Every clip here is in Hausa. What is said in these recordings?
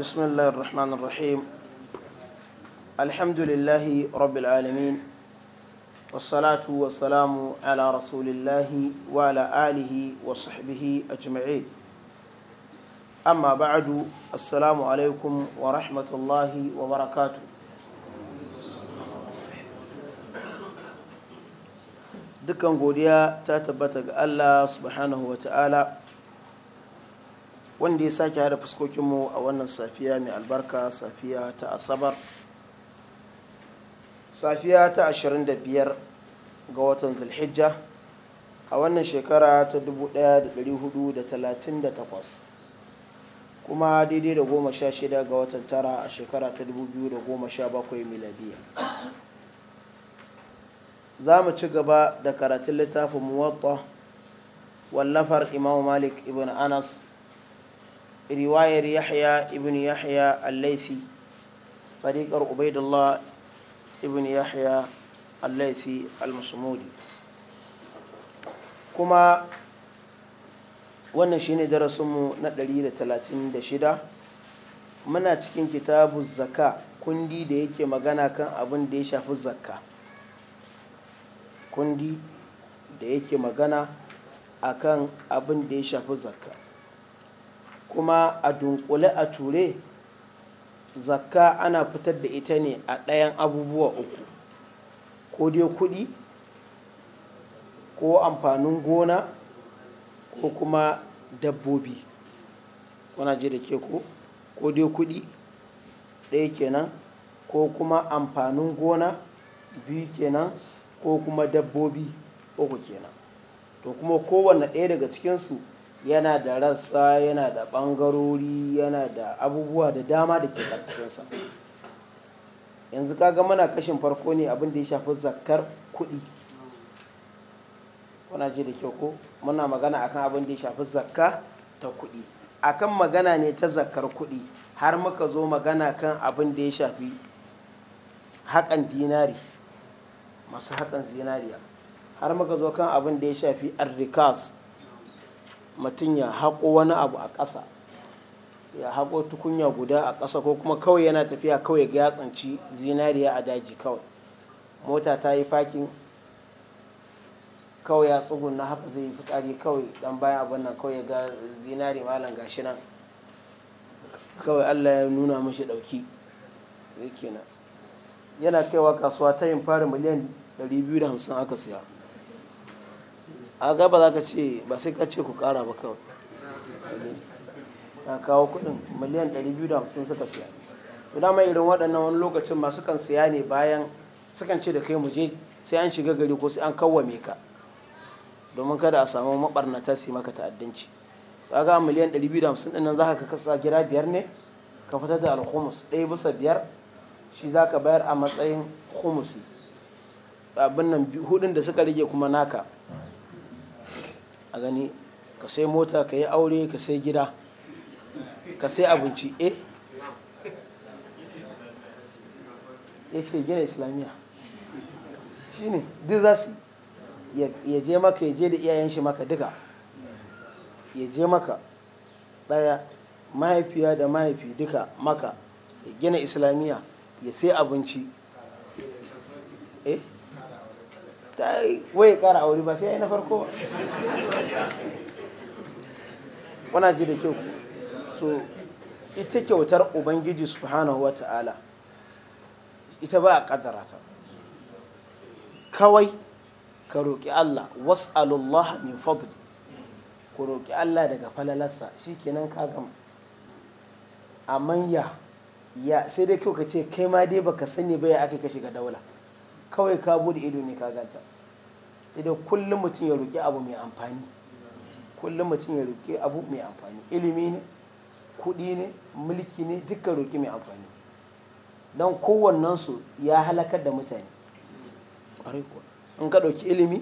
بسم الله الرحمن الرحيم الحمد لله رب العالمين والصلاة والسلام على رسول الله وعلى آله وصحبه أجمعين أما بعد السلام عليكم ورحمة الله وبركاته dukkan godiya ta tabbata ga Allah subhanahu wa ta'ala wanda ya sake hada fuskokinmu a wannan safiya mai albarka safiya ta asabar safiya ta 25 ga watan zulhijja a wannan shekara ta 1438 kuma daidai da goma sha shida ga watan tara a shekara ta 2017 miladiya za mu ci gaba da karatun littafin muwatta wallafar imam malik ibn anas riwayar yahya ibn yahya al-laisi fariƙar ubaidullah ibn yahya al-laisi al-musumudi kuma wannan shi ne darasinmu na 136 muna cikin kitabu zaka kundi da yake magana kan abin da ya shafi zakka kundi da yake magana akan abin da ya shafi zakka kuma a dunkule a ture zakka ana fitar da ita ne a ɗayan abubuwa uku ko dai kuɗi ko amfanin gona ko kuma dabbobi wana ji da ke ko ko dai kuɗi ɗaya kenan ko kuma amfanin gona biyu kenan ko kuma dabbobi uku kenan to kuma kowanne ɗaya daga cikinsu yana da rassa yana da ɓangarori yana da abubuwa da dama da ke ƙarƙashinsa yanzu kaga mana kashin farko ne abin da ya shafi zakar kuɗi kuna ji da kyau ko muna magana akan abin da ya shafi zakka ta kuɗi akan magana ne ta zakar kuɗi har muka zo magana kan abin da ya shafi haƙan dinari masu haƙan zinariya har muka zo kan abin da ya shafi arrikas mutum ya haƙo wani abu a ƙasa ya haƙo tukunya guda a ƙasa ko kuma kawai yana tafiya kawai ga tsanci zinariya a daji kawai mota ta yi fakin kawai ya na haka zai yi fitsari kawai dan bayan abin nan kawai ga zinari malam gashi nan kawai allah ya nuna mashi ɗauki yana kaiwa kasuwa ta yin fara miliyan 250 aka siya a gaba za ka ce ba sai ka ce ku kara ba kawai ta kawo kudin miliyan 250 suka siya to mai irin waɗannan wani lokacin masu kan siya ne bayan sukan ce da kai mu je sai an shiga gari ko sai an kawwame ka domin kada a samu maɓarnata su maka ta'addanci kaga miliyan 250 din nan za ka kasa gida biyar ne ka fitar da alhumus ɗaya bisa biyar shi za ka bayar a matsayin humusi abin nan hudun da suka rage kuma naka a gani ka sai mota ka yi aure ka sai gida ka sai abinci eh ya ce gina islamiyya shi ne duk za su ya je maka ya je da iyayen shi maka duka ya je maka ɗaya mahaifiya da mahaifi duka maka ya gina islamiyya ya sai abinci ta yi waye kara aure ba sai ya na farko wana ji da kyau so ita kyautar ubangiji subhanahu wa ta'ala ita ba a kaddara ta kawai ka roƙi Allah was'alullah min fadli ku roƙi Allah daga falalarsa shikenan ka gama amma ya sai dai kyau ka ce kai ma dai baka sani ba ya aka ka shiga daula kawai ka bude ido ne ka ganta sai dai kullum mutum ya roƙi abu mai amfani kullum mutum ya roƙi abu mai amfani ilimi ne kuɗi ne mulki ne dukkan roƙi mai amfani don su ya halakar da mutane in ka ɗauki ilimi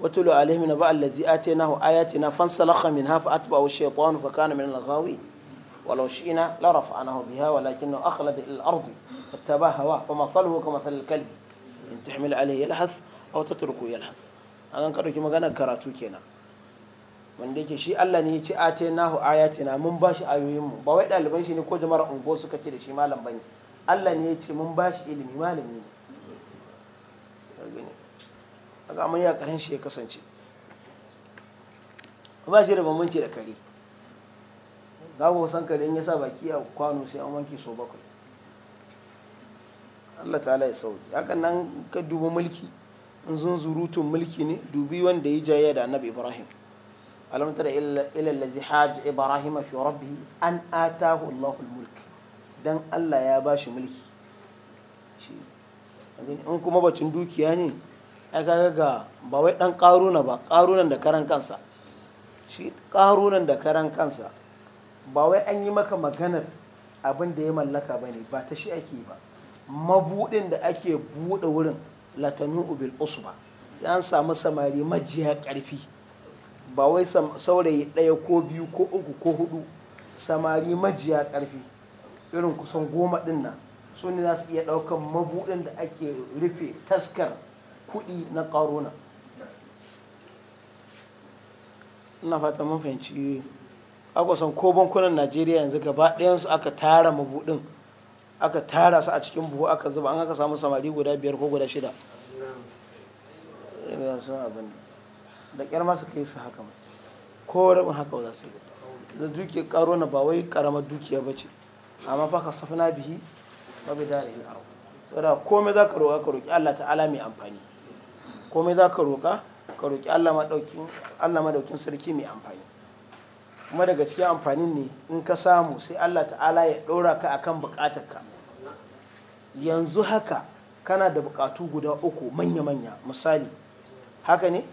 watulu alaihim na ba'al ladzi atainahu ayatina fansalakha minha fa atba'ahu shaytanu fa kana min al-ghawi ولو شئنا لرفعناه بها ولكنه أخلد إلى الأرض فاتبع هواه فمثله كمثل الكلب in tahmil a yalhas aw tatruku yalhas an kan dauki magana karatu kenan wanda yake shi Allah ne ya ce atainahu ayatina mun bashi ayoyin mu ba wai ɗaliban shi ne ko jama'ar ungo suka ce da shi malam bane Allah ne ya ce mun bashi ilimi malami ne kaga mun ya karin shi ya kasance ba shi da bambanci da kare za ku san kare in ya sa baki a kwano sai an wanke so bakwai Allah ta'ala ya sauki haka nan ka dubi mulki in zurutun mulki ne dubi wanda ya jayya da annabi ibrahim alam tara ila allazi haj ibrahim fi rabbih an atahu allahul almulk dan Allah ya bashi mulki in kuma bacin dukiya ne ai kaga ga ba wai dan karuna ba karunan da karan kansa shi karunan da karan kansa ba wai an yi maka maganar abin da ya mallaka bane ba ta shi ake ba mabuɗin da ake buɗe wurin latanu ubil usba sai an samu samari majiya ƙarfi ba wai saurayi ɗaya ko biyu ko uku ko hudu samari majiya ƙarfi irin kusan goma ɗin nan su ne za su iya ɗaukan mabuɗin da ake rufe taskar kuɗi na ƙaruna ina fata mun fahimci a kusan ko bankunan najeriya yanzu gaba ɗayansu aka tara mabuɗin aka tara su a cikin buhu aka zuba an aka samu samari guda biyar ko guda shida da kyar masu kai su haka mai ko rabin haka za su yi da duke karo na ba wai karamar dukiya ba ce amma fa ka safina bihi ba bai dare ni aro saboda komai za ka roƙa ka roƙi Allah ta'ala mai amfani komai za ka roƙa ka roƙi Allah madaukin sarki mai amfani kuma daga cikin amfanin ne in ka samu sai Allah ta'ala ya ɗora ka akan buƙatarka yanzu haka kana da buƙatu guda uku manya-manya misali haka ne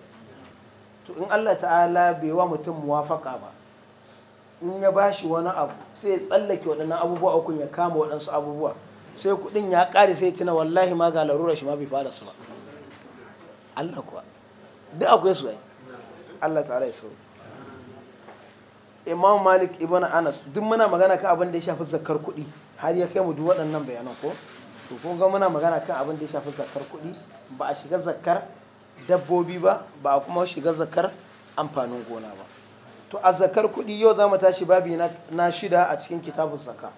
to in Allah ta'ala bai wa mutum muwafaka ba in ya bashi wani abu sai ya tsallake waɗannan abubuwa uku ya kama waɗansu abubuwa sai kuɗin ya ƙare sai tuna wallahi ma ga larura shi ma bai fara su ba Allah kuwa duk akwai su ai Allah ta'ala ya sauri imam malik ibn anas duk muna magana kan abin da ya shafi zakar kuɗi har ya kai mu duk waɗannan bayanan ko to kun ga muna magana kan abin da ya shafi zakar kuɗi ba a shiga zakar dabbobi ba ba a kuma shiga zakar amfanin gona ba to a zakar kuɗi yau za mu tashi babi na shida a cikin kitabun zaka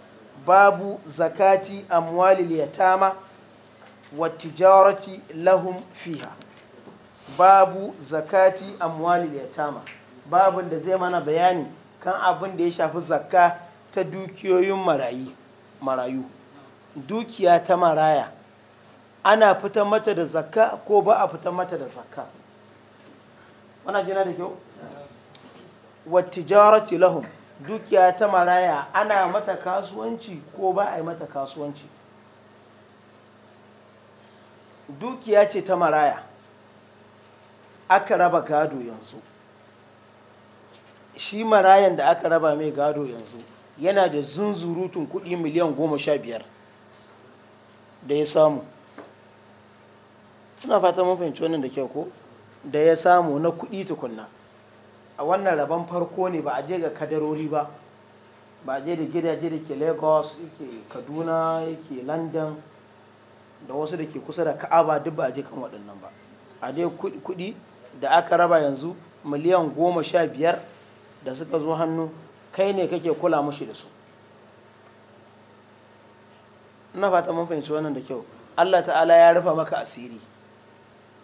babu zakati amwalil yatama wa tijarati lahum fiha babu zakati amwalil yatama babun da zai mana bayani kan abin da ya shafi zakka ta dukiyoyin marayu dukiya ta maraya ana fitar mata da zakka ko ba a fitar mata da zakka wana jina da kyau wattijarati lahum dukiya ta maraya ana mata kasuwanci ko ba a yi mata kasuwanci dukiya ce ta maraya aka raba gado yanzu shi marayan da aka raba mai gado yanzu yana da zunzurutun kuɗi miliyan goma sha biyar da ya samu suna fata mun fahimci wannan da kyau ko da ya samu na kuɗi tukunna a wannan rabon farko ne ba a je ga kadarori ba ba a je da gidaje da ke lagos yake kaduna yake london da wasu da ke kusa da ka'aba duk ba a je kan waɗannan ba a dai kuɗi da aka raba yanzu miliyan goma sha biyar da suka zo hannu kai ne kake kula mushi da su ina fata mun fahimci wannan da kyau Allah ta'ala ya rufa maka asiri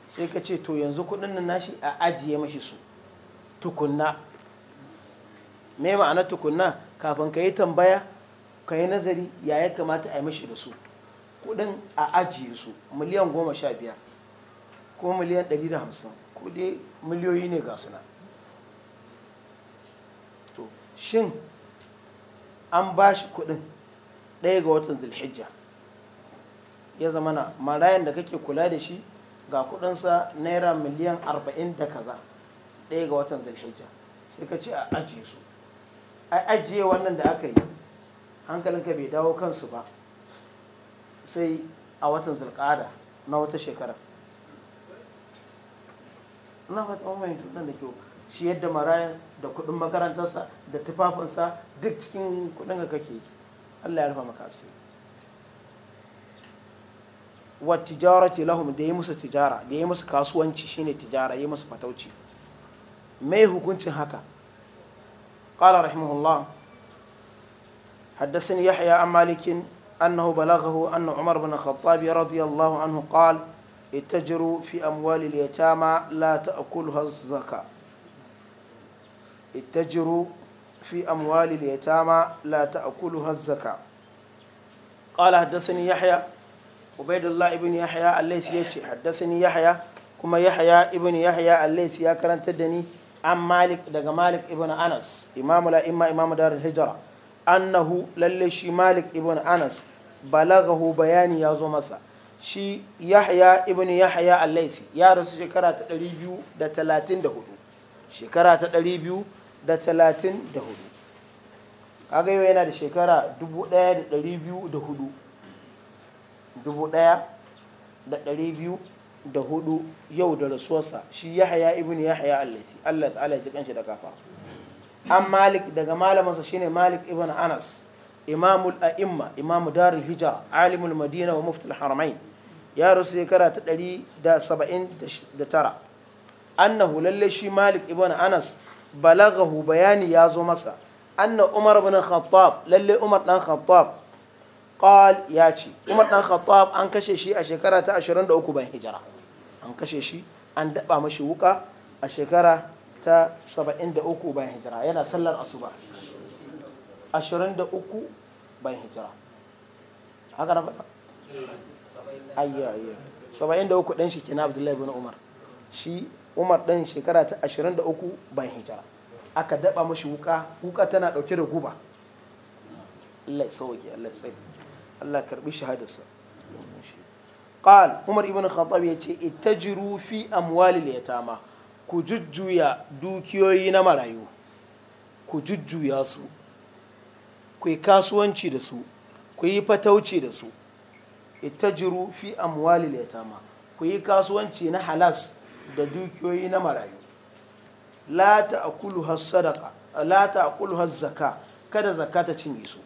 sai ka ce to yanzu kudin nan nashi a ajiye mashi su tukunna me ma'ana tukunna kafin ka yi tambaya ka yi nazari ya ya kamata a yi mashi da su kudin a ajiye su miliyan goma sha biyar ko miliyan ɗari da hamsin kudi miliyoyi ne ga suna shin an ba shi kuɗin ɗaya ga watan zulhijja ya zama na marayan da kake kula da shi ga kuɗinsa naira miliyan arba'in da kaza ɗaya ga watan zulhijja sai ka ce a ajiye su a ajiye wannan da aka yi hankalinka bai dawo kansu ba sai a watan zulkada na wata shekara na fata mamayin tunan da kyau shi yadda marayan da kuɗin makarantarsa da tufafinsa duk cikin kuɗin ka kake Allah ya rufa maka asiri wa tijarati lahum da yi musu tijara da yi musu kasuwanci shine tijara yi musu fatauci mai hukuncin haka qala rahimahullah حدثني يحيى عن مالك أنه بلغه أن عمر بن الخطاب رضي الله عنه قال اتجروا في أموال اليتامى لا تأكلها الزكاة اتجروا في أموال اليتامى لا تأكلها الزكاة قال حدثني يحيى عبيد الله ابن يحيى الليثي يشي حدثني يحيى كما يحيى ابن يحيى الليثي يا كرن تدني عن مالك دغ مالك ابن أنس إمام لا إما إمام دار الهجرة أنه للشي مالك ابن أنس بلغه بياني يا زمسا shi yahya ibn yahya al-laythi ya rasu shekara ta 234 shekara ta 200 da talatin da hudu kaga yau yana da shekara dubu daya da dari biyu da hudu dubu daya da dari biyu da hudu yau da rasuwarsa shi yahaya ibn yahaya allaisi allah ta'ala ji kanshi da kafa an malik daga malamansa shine malik ibn anas imamul a'imma imamu darul hijra alimul madina wa muftul haramain ya rasu shekara ta dari da saba'in da tara annahu lalle shi malik ibn anas balagahu bayani ya zo masa anna umar bin khattab lalle umar dan khattab qal ya ce umar dan khattab an kashe shi a shekara ta 23 bayan hijira an kashe shi an daba mashi wuka a shekara ta 73 bayan hijira yana sallar asuba 23 bayan hijira haka na faɗa ayya ayya 73 ɗan shi kina abdullahi bin umar shi umar ɗan shekara ta 23 bayan hijira aka daɓa mashi wuka wuka tana ɗauke da guba Allah ya sauke Allah ya tsaye Allah karbi shahadarsa qal umar ibn khattab yace ittajiru fi amwalil yatama ku jujjuya dukiyoyi na marayu ku jujjuya su ku yi kasuwanci da su ku yi fatauci da su Ita ittajiru fi amwalil yatama ku yi kasuwanci na halas da dukiyoyi na marayu la a has has-zaka kada zaka ta cinye su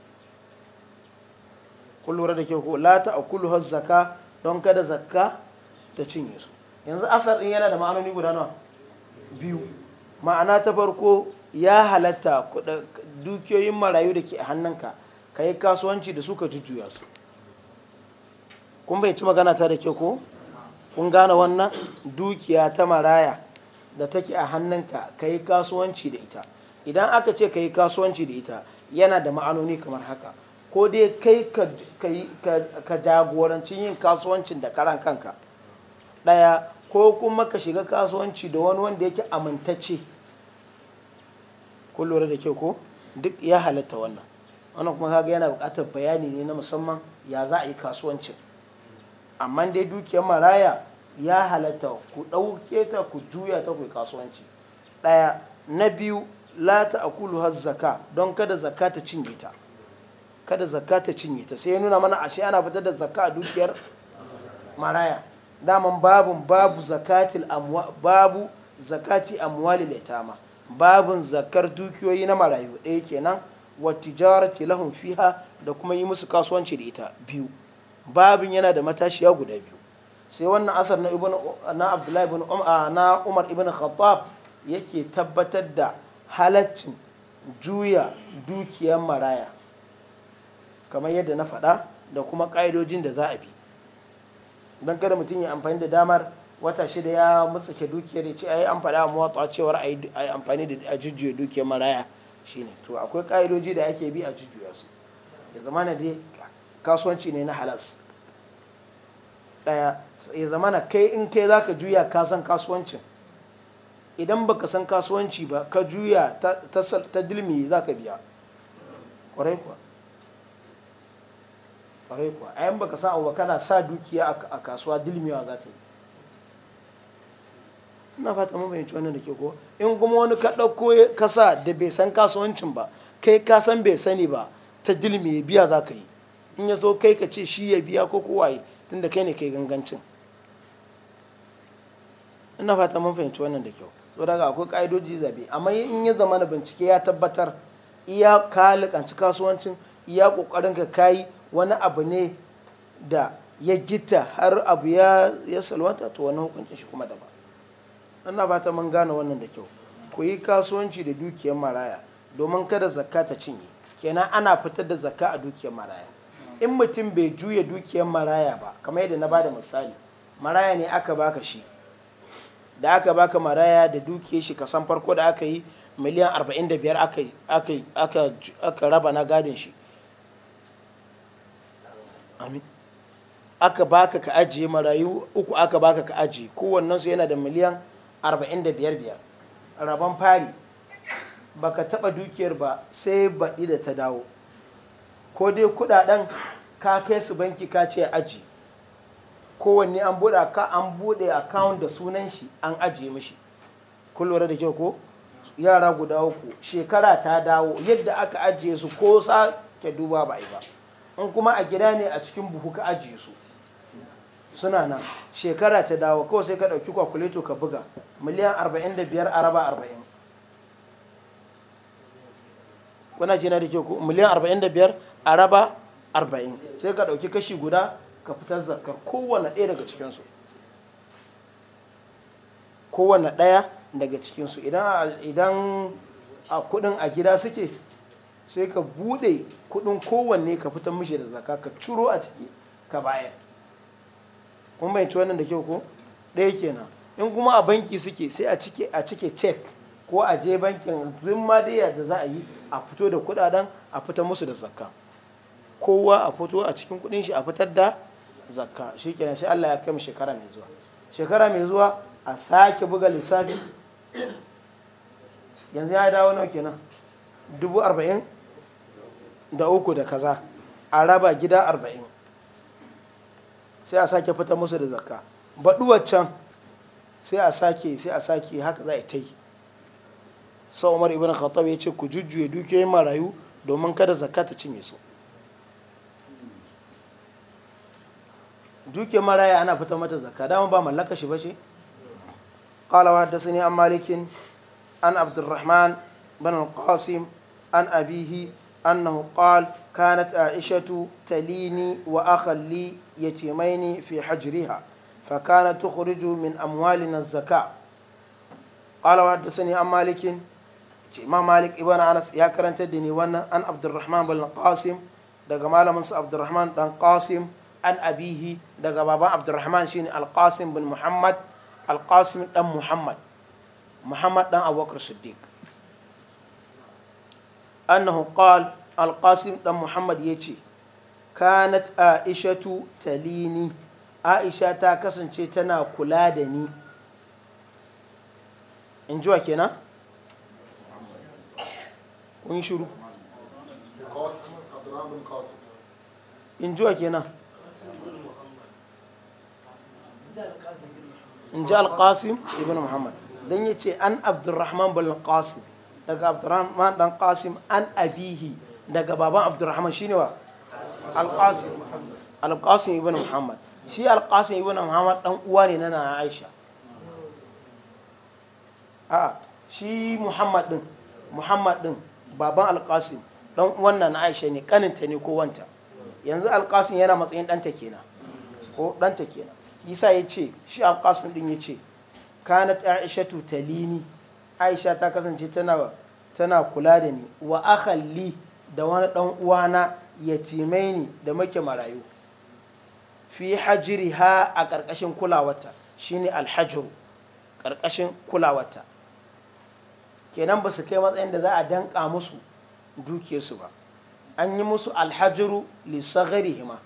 kun da ke ko la ta'kulu has-zaka don kada zaka ta cinye su yanzu asar din yana da ma'anoni guda nawa biyu ma'ana ta farko ya halatta dukiyoyin marayu da ke a hannunka ka yi kasuwanci da su ka jujjuya su kun bai ci magana ta da ke ko kun gane wannan dukiya ta maraya da take a hannunka ka yi kasuwanci da ita idan aka ce ka yi kasuwanci da ita yana da ma'anoni kamar haka ko dai kai ka jagorancin yin kasuwancin da karan kanka ɗaya ko kuma ka shiga kasuwanci da wani wanda yake amintacce ko lura da ke ko duk ya halatta wannan wannan kuma kaga yana bukatar bayani ne na musamman ya za a yi kasuwancin amma dai dukiyar maraya ya halatta ku ɗauke ta ku juya ta ku kasuwanci ɗaya na biyu la ta akulu har zaka don kada zaka ta cinye ta kada zaka ta cinye ta sai ya nuna mana ashe ana fitar da zaka a dukiyar maraya daman babu babu zakatil amwa babu zakati amwali laitama babun zakar dukiyoyi na marayu ɗaya kenan wa tijarati lahum fiha da kuma yi musu kasuwanci da ita biyu babin yana da matashiya guda biyu sai wannan asar na abdullahi ibn um, na umar ibn khattab yake tabbatar da halaccin juya dukiyar maraya kamar yadda na faɗa da kuma ƙa'idojin da za a bi don kada mutum ya amfani da damar wata shida ya mutsake dukiyar ya ce ai an faɗa muwatsa cewar a yi amfani da a jujjuya dukiyar maraya shine to akwai ƙa'idoji da ake bi a jujjuya su da zamana dai kasuwanci ne na halas ɗaya ya zama na kai in kai za ka juya ka san kasuwancin idan baka san kasuwanci ba ka juya ta dilmi za ka biya ƙwarai kuwa ƙwarai kuwa ayan baka san abu kana sa dukiya a kasuwa dilmiwa za ta yi ina fata mun bayanci wannan da ke ko in kuma wani ka ɗauko kasa da bai san kasuwancin ba kai ka san bai sani ba ta dilmi biya za ka yi in ya zo kai ka ce shi ya biya ko kowaye da kai ne kai gangancin ina fata mun fahimci wannan da kyau so daga akwai ka'idoji zabe amma in ya zama na bincike ya tabbatar iya kalikanci kasuwancin iya kokarin ka kai wani abu ne da ya gita har abu ya ya salwata to wani hukuncin shi kuma daban ina fata mun gane wannan da kyau ku yi kasuwanci da dukiyar maraya domin kada zakka ta cinye kenan ana fitar da zakka a dukiyar maraya in mutum bai juya dukiyar maraya ba kamar yadda na ba da misali maraya ne aka baka shi da aka baka maraya da dukiyar shi kasan farko da aka yi miliyan 45 aka raba na gadin shi aka baka ka ajiye marayu uku aka baka ka ajiye kowannensu yana da miliyan 45 rabon fari ba ka taba dukiyar ba sai baɗi da ta dawo ko dai kudaden ka kai su banki ka ce aji kowanne an buɗe ka an buɗe account da sunan shi an ajiye mishi kun da kyau ko yara guda uku shekara ta dawo yadda aka ajiye su ko sa ta duba ba ba in kuma a gida ne a cikin buhu ka ajiye su suna nan shekara ta dawo kawai sai ka ɗauki kwakuleto ka buga miliyan 45 a raba 40 kuna jina da ke miliyan 45 a raba 40 sai ka ɗauki kashi guda ka fitar zakar kowane ɗaya daga cikinsu kowane ɗaya daga cikinsu idan a kudin a gida suke sai ka bude kudin kowanne ka fitar mishi da zaka ka ciro a ciki ka bayar kuma bayanci wannan da ke ko ɗaya kenan in kuma a banki suke sai a cike a cike check ko a je bankin duk ma dai yadda za a yi a fito da kudaden a fito musu da zakka kowa a fito a cikin kudin shi a fitar da zakka shi kenan shi Allah ya kai mu shekara mai zuwa shekara mai zuwa a sake buga lissafi yanzu ya dawo nawa kenan dubu arba'in da uku da kaza a raba gida arba'in sai a sake fitar musu da zakka baɗuwar can sai a sake sai a sake haka za a ta yi sa umar ibn khattab ya ce ku jujjuye dukiyoyin marayu domin kada zakka ta cinye su duke maraya ana fita mata zakka dama ba mallaka shi bace qala wa hadathani an malikin an abdurrahman bin al-qasim an abihi annahu qala kanat aishatu talini wa akhalli yatimaini fi hajriha فكانت تخرج من أموالنا الزكاة قال وحدثني عن مالك ce imam malik ibn anas ya karanta da ni wannan an abdurrahman bin qasim daga malamin su abdurrahman dan qasim an abihi daga baban abdurrahman shine alqasim bin muhammad alqasim dan muhammad muhammad dan abubakar siddiq annahu qal alqasim dan muhammad yace kanat aishatu talini aisha ta kasance tana kula da ni in ji wa kenan kun shiru in jiwa kenan in ji alƙasim ibn muhammad don ya ce an abdurrahman bin qasim daga abdurrahman dan qasim an abihi daga baban abdurrahman shine wa alƙasim alƙasim ibn muhammad shi alƙasim ibn muhammad dan uwa ne na na aisha a shi Muhammadin Muhammadin. baban alƙasim ɗan wannan na aisha ne kaninta ne ko wanta yanzu alƙasim yana matsayin ɗanta kenan ko ɗanta kenan isa ya ce shi alƙasim ɗin ya ce kanat aisha tutalini aisha ta kasance tana kula da ni wa akalli da wani ɗan uwana timai ni da muke marayu fi ha a ƙarƙashin kulawarta shine alhajiru ƙarƙashin kulawarta kenan ba su kai matsayin da za a danka musu dukiyarsu ba an yi musu alhajiru lissagarihima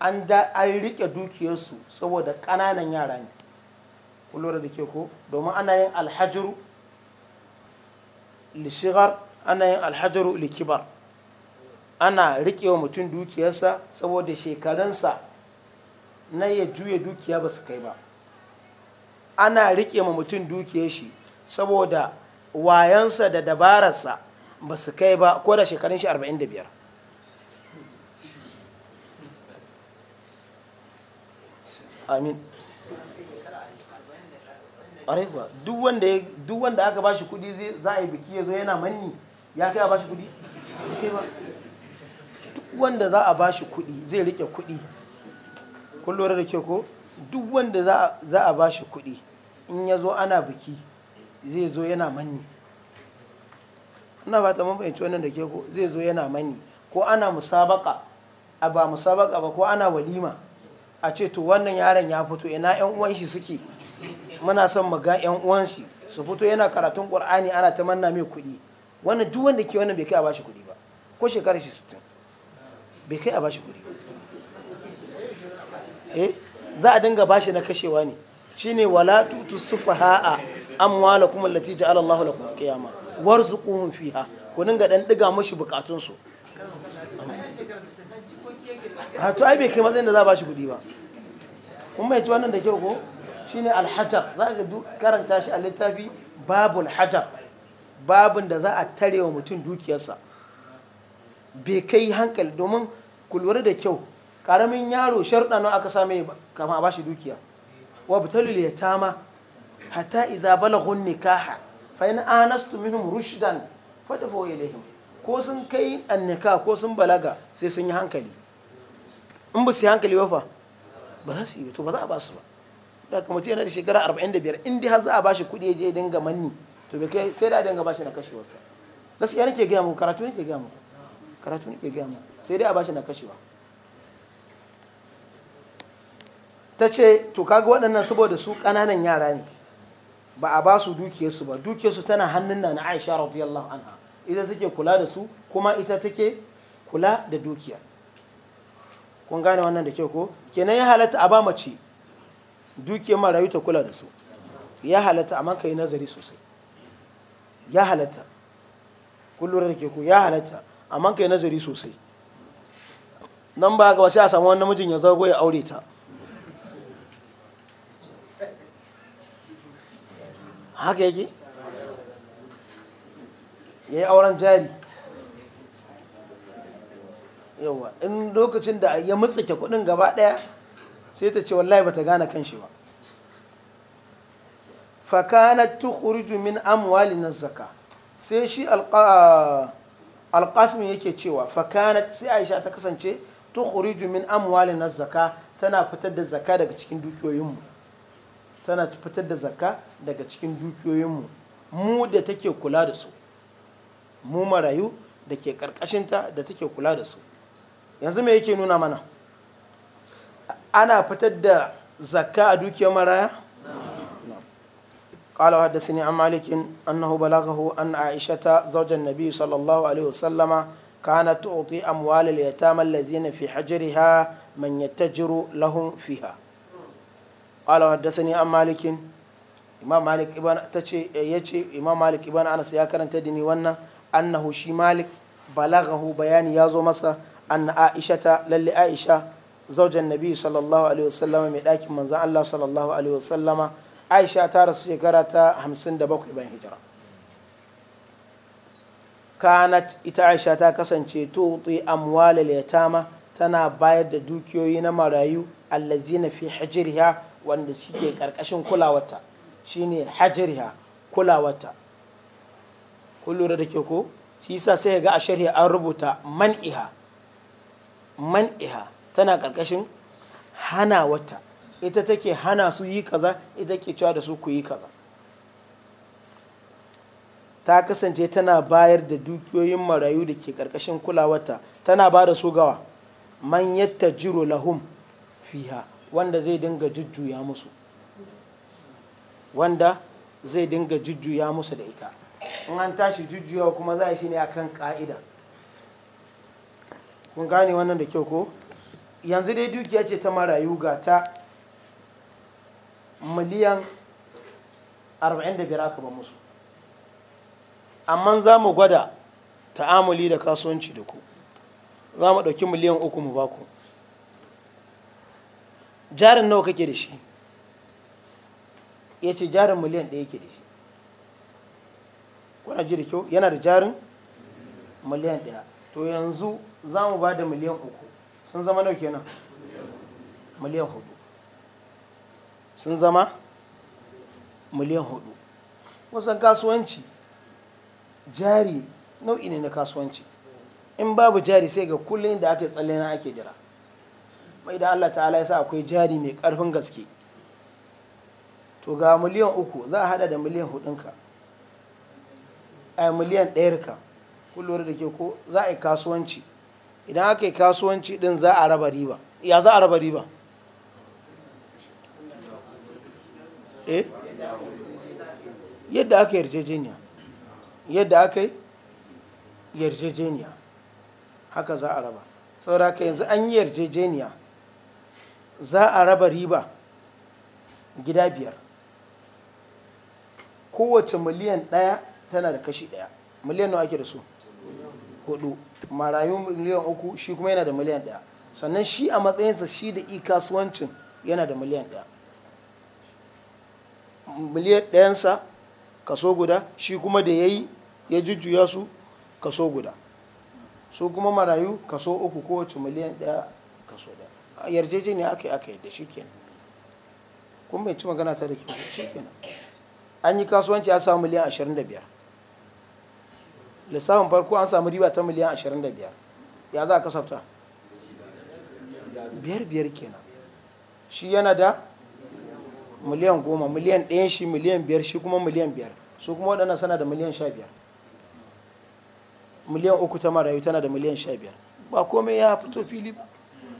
an da an rike dukiyarsu saboda ƙananan yara ne ku da ke ko domin ana yin alhajiru shigar ana yin alhajiru kibar ana rike wa mutum dukiyarsa saboda shekarunsa na ya juya dukiya ba su kai ba ana rike ma mutum dukiyar shi saboda wayansa da dabararsa ba su kai ba ko da shekarun shi 45 amin duk wanda aka ba shi kudi za a yi biki ya zo yana manni ya kai a ba shi kudi? duk wanda za a ba shi kudi zai rike kudi kullum da ke ko duk wanda za a ba shi kudi in ya zo ana biki zai zo yana manni ina ba ta mun fahimci wannan da ke ko zai zo yana manni ko ana musabaka a ba musabaka ba ko ana walima a ce to wannan yaron ya fito ina yan uwan shi suke muna son mu ga yan uwan shi su fito yana karatun qur'ani ana ta manna mai kuɗi wannan duk wanda ke wannan bai kai a bashi kuɗi ba ko shekarar shi 60 bai kai a bashi kuɗi eh za a dinga bashi na kashewa ne shine wala tutu sufaha'a amwalakum allati ja'ala Allahu lakum qiyama warzuquhum fiha ku dinga dan diga mushi bukatun su ha ah, to ai bai kai matsayin da za ba shi kudi ba kuma yaji wannan da kyau ko shine alhajar za ka karanta shi a littafi babul hajar babun da za a tare wa mutum dukiyarsa bai kai hankali domin kulwar da kyau karamin yaro sharuɗa na aka same kama a bashi dukiya wa butalul yatama hata idza balaghun nikaha fa in anastu minhum rushdan fadfu ilayhim ko sun kai annika ko sun balaga sai sun yi hankali in ba su yi hankali ba ba za su yi to ba za a ba su ba da kuma mutum yana da shekara 45 in dai har za a ba shi kuɗi je dinga manni to bai kai sai da dinga ba shi na kashewarsa gaskiya nake gaya muku karatu nake gaya muku karatu nake gaya muku sai dai a ba shi na kashewa ta ce to kaga waɗannan saboda su ƙananan yara ne ba a ba su dukiyarsu ba dukiyarsu tana hannun na Aisha radiyallahu anha ita take kula da su kuma ita take kula da dukiya kun gane wannan da kyau ko kenan ya halatta a ba mace dukiyar marayu ta kula da su ya halatta amma ka yi nazari sosai ya halatta kun da ke ko ya halatta amma ka yi nazari sosai nan ba ga wasu a samu wani namijin ya zagoya ya aure ta haka yake ya yi auren jari yawa in lokacin da ya mutsake kudin gaba daya sai ta ce wallahi ba ta gane kan shi ba fakanat tukhruju min na zaka sai shi alƙasmi yake cewa fakanat sai aisha ta kasance tukhruju min na zaka tana fitar da zaka daga cikin dukiyoyinmu tana fitar da zakka daga cikin dukiyoyinmu mu da take kula da su mu marayu da ke karkashinta da take kula da su yanzu me yake nuna mana ana fitar da zakka a dukiyar maraya قال وحدثني عن مالك أنه بلغه أن عائشة زوج النبي صلى الله عليه وسلم كانت تعطي أموال اليتامى الذين في حجرها من يتجر لهم فيها qala haddathani an malik ibn tace yace ya karanta da wannan annahu shi malik balaghahu bayani ya zo masa anna aisha ta lalle aisha zaujan nabi sallallahu alaihi wasallama mai ɗakin manzan Allah sallallahu alaihi wasallama aisha ta rasu shekara ta 57 bayan hijira kanat ita aisha ta kasance tuti amwal al yatama tana bayar da dukiyoyi na marayu allazina fi hijriha wanda suke ƙarƙashin kulawarta shine hajariha kulawarta kun lura da ke ko shi yasa sai ga a shari'a an rubuta man'iha man'iha tana karkashin hana wata ita take hana su yi kaza ita ke cewa da su ku yi kaza ta kasance tana bayar da dukiyoyin marayu da ke ƙarƙashin kulawarta tana ba da su gawa man yatta jiro lahum fiha wanda zai dinga jujjuya musu wanda zai dinga jujjuya musu da ita in an tashi jujjuyawa kuma za a shi ne akan ka'ida kun gane wannan da kyau ko yanzu dai dukiya ce ta marayu ga ta miliyan 45 aka ba musu amma za mu gwada ta'amuli da kasuwanci da ku za mu ɗauki miliyan uku mu baku jarin nawa kake da shi ya ce jarin miliyan ɗaya yake da shi kuna ji da kyau yana da jarin miliyan ɗaya to yanzu za mu ba da miliyan uku sun zama nau kenan miliyan hudu sun zama miliyan hudu wasan kasuwanci jari nau'i ne na kasuwanci in babu jari sai ga kullum da aka tsalle na ake jira kuma idan Allah ta'ala ya sa akwai jari mai karfin gaske to ga miliyan uku za a hada da miliyan hudunka a miliyan ɗayarka kullum da ke ko za a yi kasuwanci idan aka yi kasuwanci din za a raba riba ya za a raba riba eh yadda aka yarjejeniya yadda aka yi yarjejeniya haka za a raba saboda ka yanzu an yi yarjejeniya za a raba riba gida biyar kowace miliyan ɗaya tana da kashi ɗaya miliyan nawa ake da su hudu marayu miliyan uku shi kuma yana da miliyan ɗaya sannan shi a matsayinsa shi da i kasuwancin yana da miliyan ɗaya miliyan ɗayansa kaso guda shi kuma da ya yi ya jujjuya su kaso guda su kuma marayu kaso uku kowace miliyan ɗaya yarjejeniya aka yi aka da shi kenan kun bai ci magana ta da kyau shi kenan an yi kasuwanci ya samu miliyan 25 lissafin farko an samu riba ta miliyan 25 ya za a kasafta biyar biyar kenan shi yana da miliyan goma miliyan ɗayan shi miliyan biyar shi kuma miliyan biyar su kuma waɗannan sana da miliyan sha biyar miliyan uku ta marayu tana da miliyan sha biyar ba komai ya fito fili ba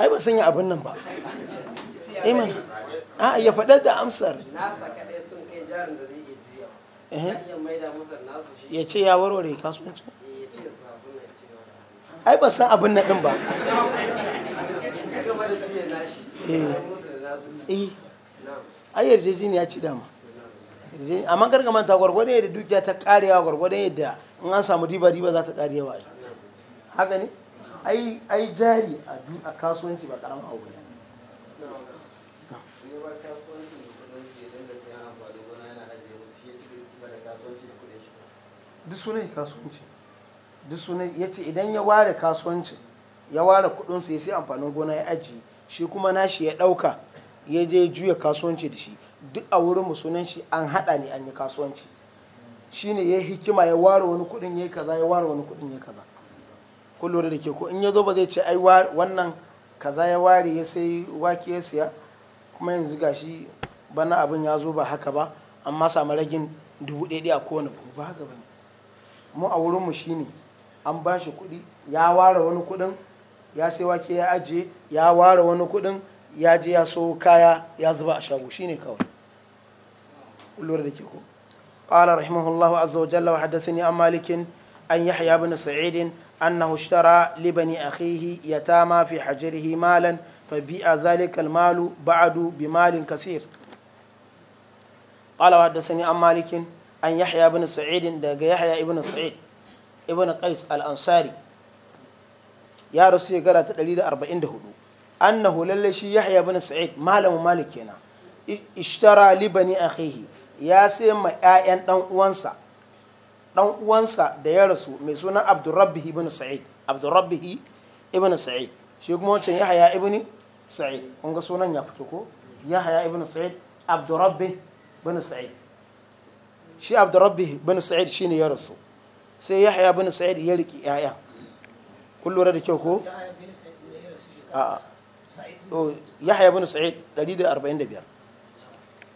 ai ba yi abin nan ba iman a ya faɗa da amsar eh. ya ce ya warware kasuwanci eh, ai ba san abin na ɗin ba ai ya ci eh. dama amma gargamanta gwargwadon yadda dukiya ta karewa gwargwadon yadda in an samu riba riba za ta karewa haka ne ai ai jari a kasuwanci ba karamin abu ne duk sunai kasuwanci duk sunai ya ce idan ya ware kasuwanci ya ware kudinsa ya sai amfanin gona ya aji shi kuma nashi ya dauka ya je juya kasuwanci da shi duk a wurin mu sunan shi an hada ne an yi kasuwanci shine ya hikima ya ware wani kudin ya kaza ya ware wani kudin ya kaza kun lura da ke ko in ya zo ba zai ce ai wannan kaza ya ware ya sai wake ya siya kuma yanzu gashi bana abin ya zo ba haka ba amma samu ragin dubu ɗaya a kowane buhu ba haka ne mu a wurinmu shine an ba shi kuɗi ya ware wani kuɗin ya sai wake ya ajiye ya ware wani kuɗin ya je ya so kaya ya zuba a shago shine kawai lura da ke ko قال رحمه الله عز وجل وحدثني عن مالك عن يحيى بن سعيد أنه اشترى لبني أخيه يتامى في حجره مالا فبيع ذلك المال بعد بمال كثير قال وحدثني عن مالك أن يحيى بن سعيد دقى يحيى ابن سعيد ابن قيس الأنصاري يا رسول قرأت تدليل أربعين دهدو أنه للشي يحيى بن سعيد مالم مالك هنا اشترى لبني أخيه يا سيما آيان أنوانسا dan uwansa da ya rasu mai suna abdurrabbihi ibn sa'id abdurrabbihi ibn sa'id shi kuma wancan ya haya ibn sa'id kun ga sunan ya fito ko ya haya ibn sa'id abdurrabbi ibn sa'id shi abdurrabbi ibn sa'id shi ne ya rasu sai ya haya ibn sa'id ya riki yaya kun lura da kyau ko a'a haya oh, ibn sa'id 145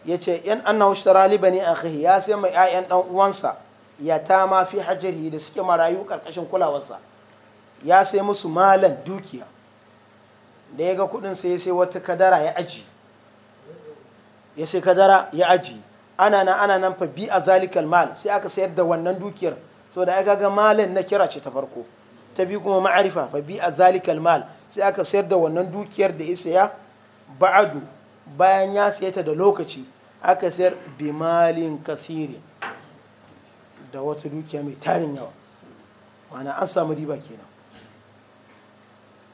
yace yan annahu ishtara libani bani akhihi ya sai mai ayan dan uwansa ma fi hajrihi da suke marayu karkashin kulawarsa ya sai musu malan dukiya da ya ga kudin sai ya sai wata kadara ya aji ya sai kadara ya aji ana nan ana nan fa bi a zalikal mal sai aka sayar da wannan dukiyar da aka ga malan na kira ce ta farko ta bi kuma ma'arifa fa bi a zalikal mal sai aka sayar da wannan dukiyar da ya ba'adu bayan ya sayar ta da lokaci aka sayar bi malin kasiri da wata dukiya mai tarin yawa ma'ana an samu riba kenan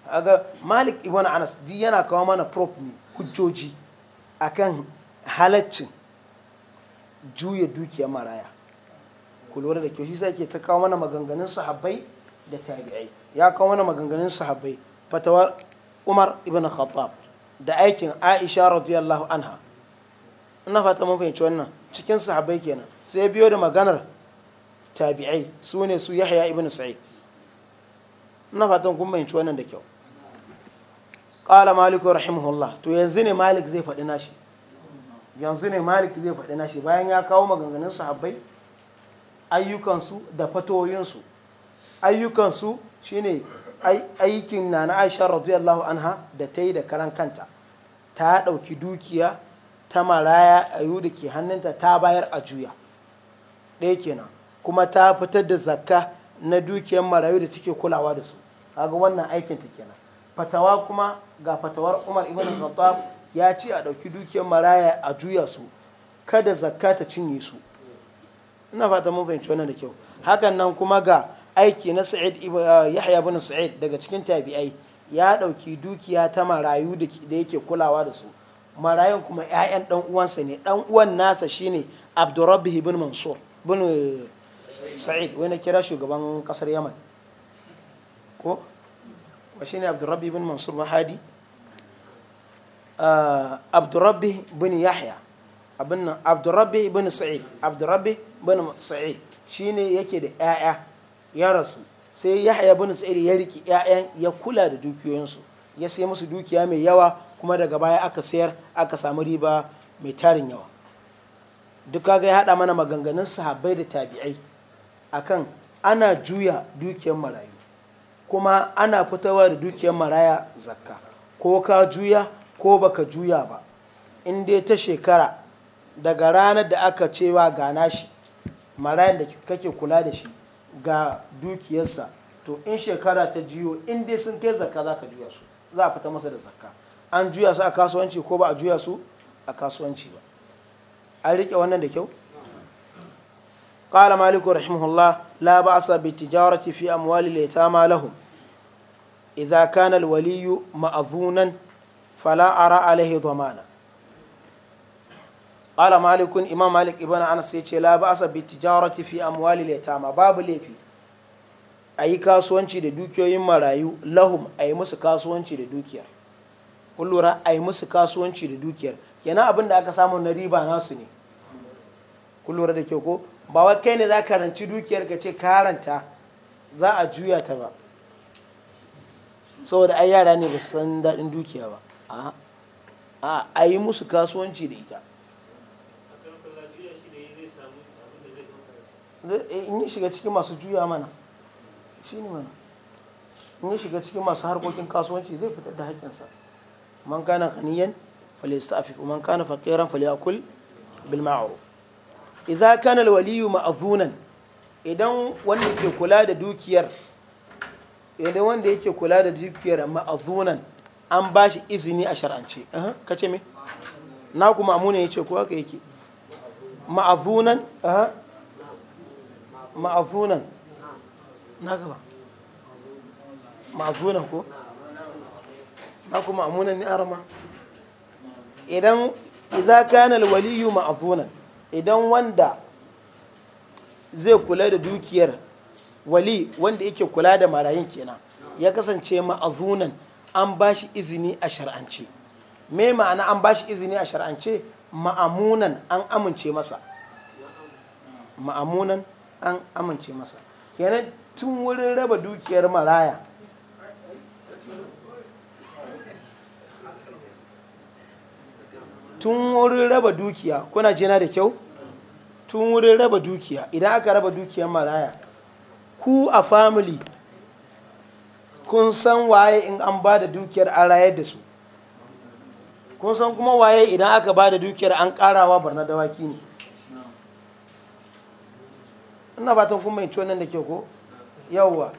aga malik ibn anas di yana kawo mana prop ne hujjoji akan halaccin juya dukiya maraya kulwar da kyau shi sai ke ta kawo mana maganganun sahabbai da tabi'ai ya kawo mana maganganun sahabbai fatawar umar ibn khattab da aikin aisha radiyallahu anha ina fata mun fahimci wannan cikin sahabbai kenan sai biyo da maganar tabi'ai su ne su yahya ibn sa'id ina fatan kun fahimci wannan da kyau qala malik rahimahullah to yanzu ne malik zai faɗi nashi yanzu ne malik zai faɗi nashi bayan ya kawo maganganun sahabbai ayyukansu da fatoyinsu ayyukansu shine aikin na na aisha radiyallahu anha da ta yi da karan kanta ta ɗauki dukiya ta maraya ayu da ke hannunta ta bayar a juya ɗaya kenan kuma ta fitar da zakka na dukiyar marayu da take kulawa da su kaga wannan aikin ta kenan fatawa kuma ga fatawar Umar ibn Khattab ya ce a ɗauki dukiyar maraya a juya su kada zakka ta cinye su ina fata mun fahimci wannan da kyau hakan nan kuma ga aiki na Sa'id eh, Yahya ibn Sa'id daga cikin tabi'ai ya ɗauki dukiya ta marayu da yake kulawa da su marayun kuma 'ya'yan ɗan uwansa ne ɗan uwan nasa shine Abdurrabbi ibn Mansur ibn eh, sa'id wai na kira shugaban kasar yaman ko wa shine abdurrabi bin mansur mahadi ah, abdurrabi bin yahya abin nan bin sa'id abdurrabi bin sa'id shine yake da 'ya'ya ya rasu sai yahya bin sa'id ya riki 'ya'yan ya kula da dukiyoyinsu ya sai musu dukiya mai yawa kuma daga baya aka sayar aka samu riba mai tarin yawa duk kaga ya hada mana maganganun sahabbai da tabi'ai akan ana juya dukiyar marayu kuma ana fitowa da dukiyar maraya zakka ko ka juya ko baka juya ba in dai ta shekara daga ranar da aka cewa ga nashi marayan da kake kula da shi ga dukiyarsa to in shekara ta jiyo in dai sun kai zakka za ka juya su za a fita masa da zakka an juya su a kasuwanci ko ba a juya su a kasuwanci ba an riƙe wannan da kyau قال مالك رحمه الله لا بأس بالتجارة في أموال اليتامى لهم إذا كان الولي مأذونا فلا أرى عليه ضمانا قال مالك إمام مالك ابن أنس يتي لا بأس بالتجارة في أموال اليتامى باب ليفي أي كاسوانشي دوكيوين مرايو لهم أي مس كاسوانشي دوكيار kun lura a yi musu kasuwanci da dukiyar kenan abin da aka samu na riba nasu ne kun lura da kyau ko ba wai kai ne za ka ranci dukiyar ka ce karanta za a juya ta ba saboda ai yara ne ba su san daɗin dukiya ba a a yi musu kasuwanci da ita in yi shiga cikin masu juya mana shi ne mana in yi shiga cikin masu harkokin kasuwanci zai fitar da haƙƙinsa man kana ganiyan falistafif man kana faƙiran faliyakul bil ma'ruf idza kana alwaliyu ma'zunan idan wanda yake kula da dukiyar idan wanda yake kula da dukiyar ma'zunan an ba shi izini a shar'ance ka ce me na kuma amuna ya ce ko haka yake ma'azunan ma'azunan na gaba ma'azunan ko na kuma amunan ni arama idan idza kana alwaliyu ma'azunan idan wanda zai kula da dukiyar wali wanda yake kula da marayun kenan ya kasance ma'azunan an ba shi izini a shar'ance me ma'ana an ba shi izini a shar'ance ma'amunan an amince masa ma'amunan an amince masa kenan tun wurin raba dukiyar maraya tun wurin raba dukiya kuna jina da kyau tun wurin raba dukiya idan aka raba dukiyar maraya ku a family kun san waye in an ba da dukiyar an rayar da su kun san kuma waye idan aka ba da dukiyar an karawa barna dawaki ne ina fatan kun mai nan da kyau ko yawwa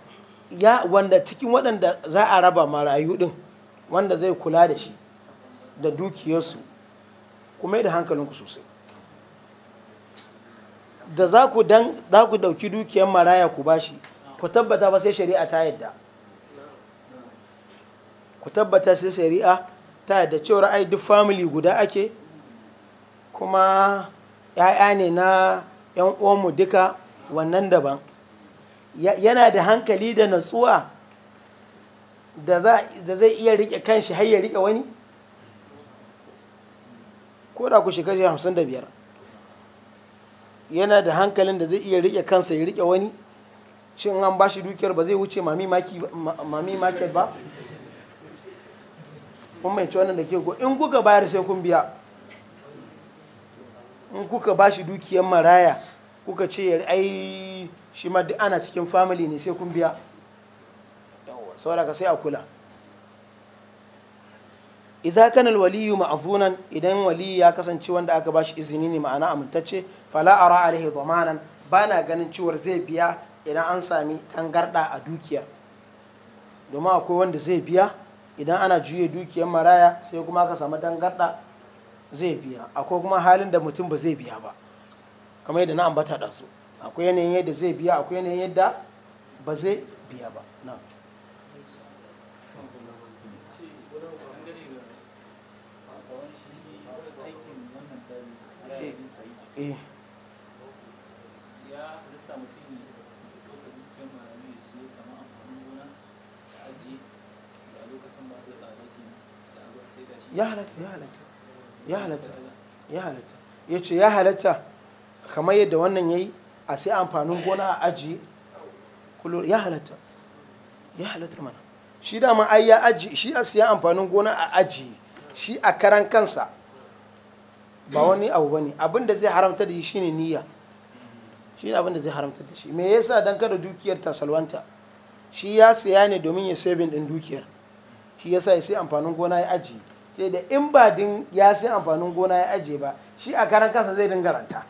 ya wanda cikin waɗanda za a raba marayu ɗin wanda zai kula da shi da dukiyarsu kuma da hankalinku sosai da za ku dan za ku dauki dukiyar maraya ku bashi ku tabbata ba sai shari'a ta yadda ku tabbata sai shari'a ta yadda cewar ai duk family guda ake kuma ‘ya'ya ne na ‘yan uwanmu duka wannan daban yana da hankali da natsuwa da zai iya rike kanshi har ya rike wani ko da ku shekara hamsin da biyar yana da hankalin da zai iya riƙe kansa ya riƙe wani shin an ba shi dukiyar ba zai wuce mami market ba kun mai wannan da ke ko in kuka bayar sai kun biya in kuka ba shi dukiyar maraya kuka ce ai shi ma duk ana cikin family ne sai kun biya da ka sai a kula idza kana alwaliyu ma'zunan idan wali ya kasance wanda aka bashi izini ne ma'ana amintacce fala ara alaihi dhamanan bana ganin ciwar zai biya idan an sami tangarda a dukiya domin akwai wanda zai biya idan ana juye dukiyar maraya sai kuma aka samu tangarda zai biya akwai kuma halin da mutum ba zai biya ba kamar yadda na ambata da su akwai yanayin yadda zai biya akwai yanayin yadda ba zai biya ba Eh. ya halasta ya halatta ya halatta ya halatta ya halatta ya ce ya halatta kamar yadda wannan ya yi a sai amfanin gona a aji ya halatta ya halatta mana shi dama ai ya aji shi a siya amfanin gona a aji shi a karan kansa ba wani abu bane abin da zai haramta da shi shine niyya shine abin da zai haramta da shi me yasa dan kada dukiyar ta salwanta shi ya siya ne domin ya saving din dukiyar shi yasa ya sai amfanin gona ya aji sai da in ba din ya sai amfanin gona ya aje ba shi a karan kansa zai dinga ranta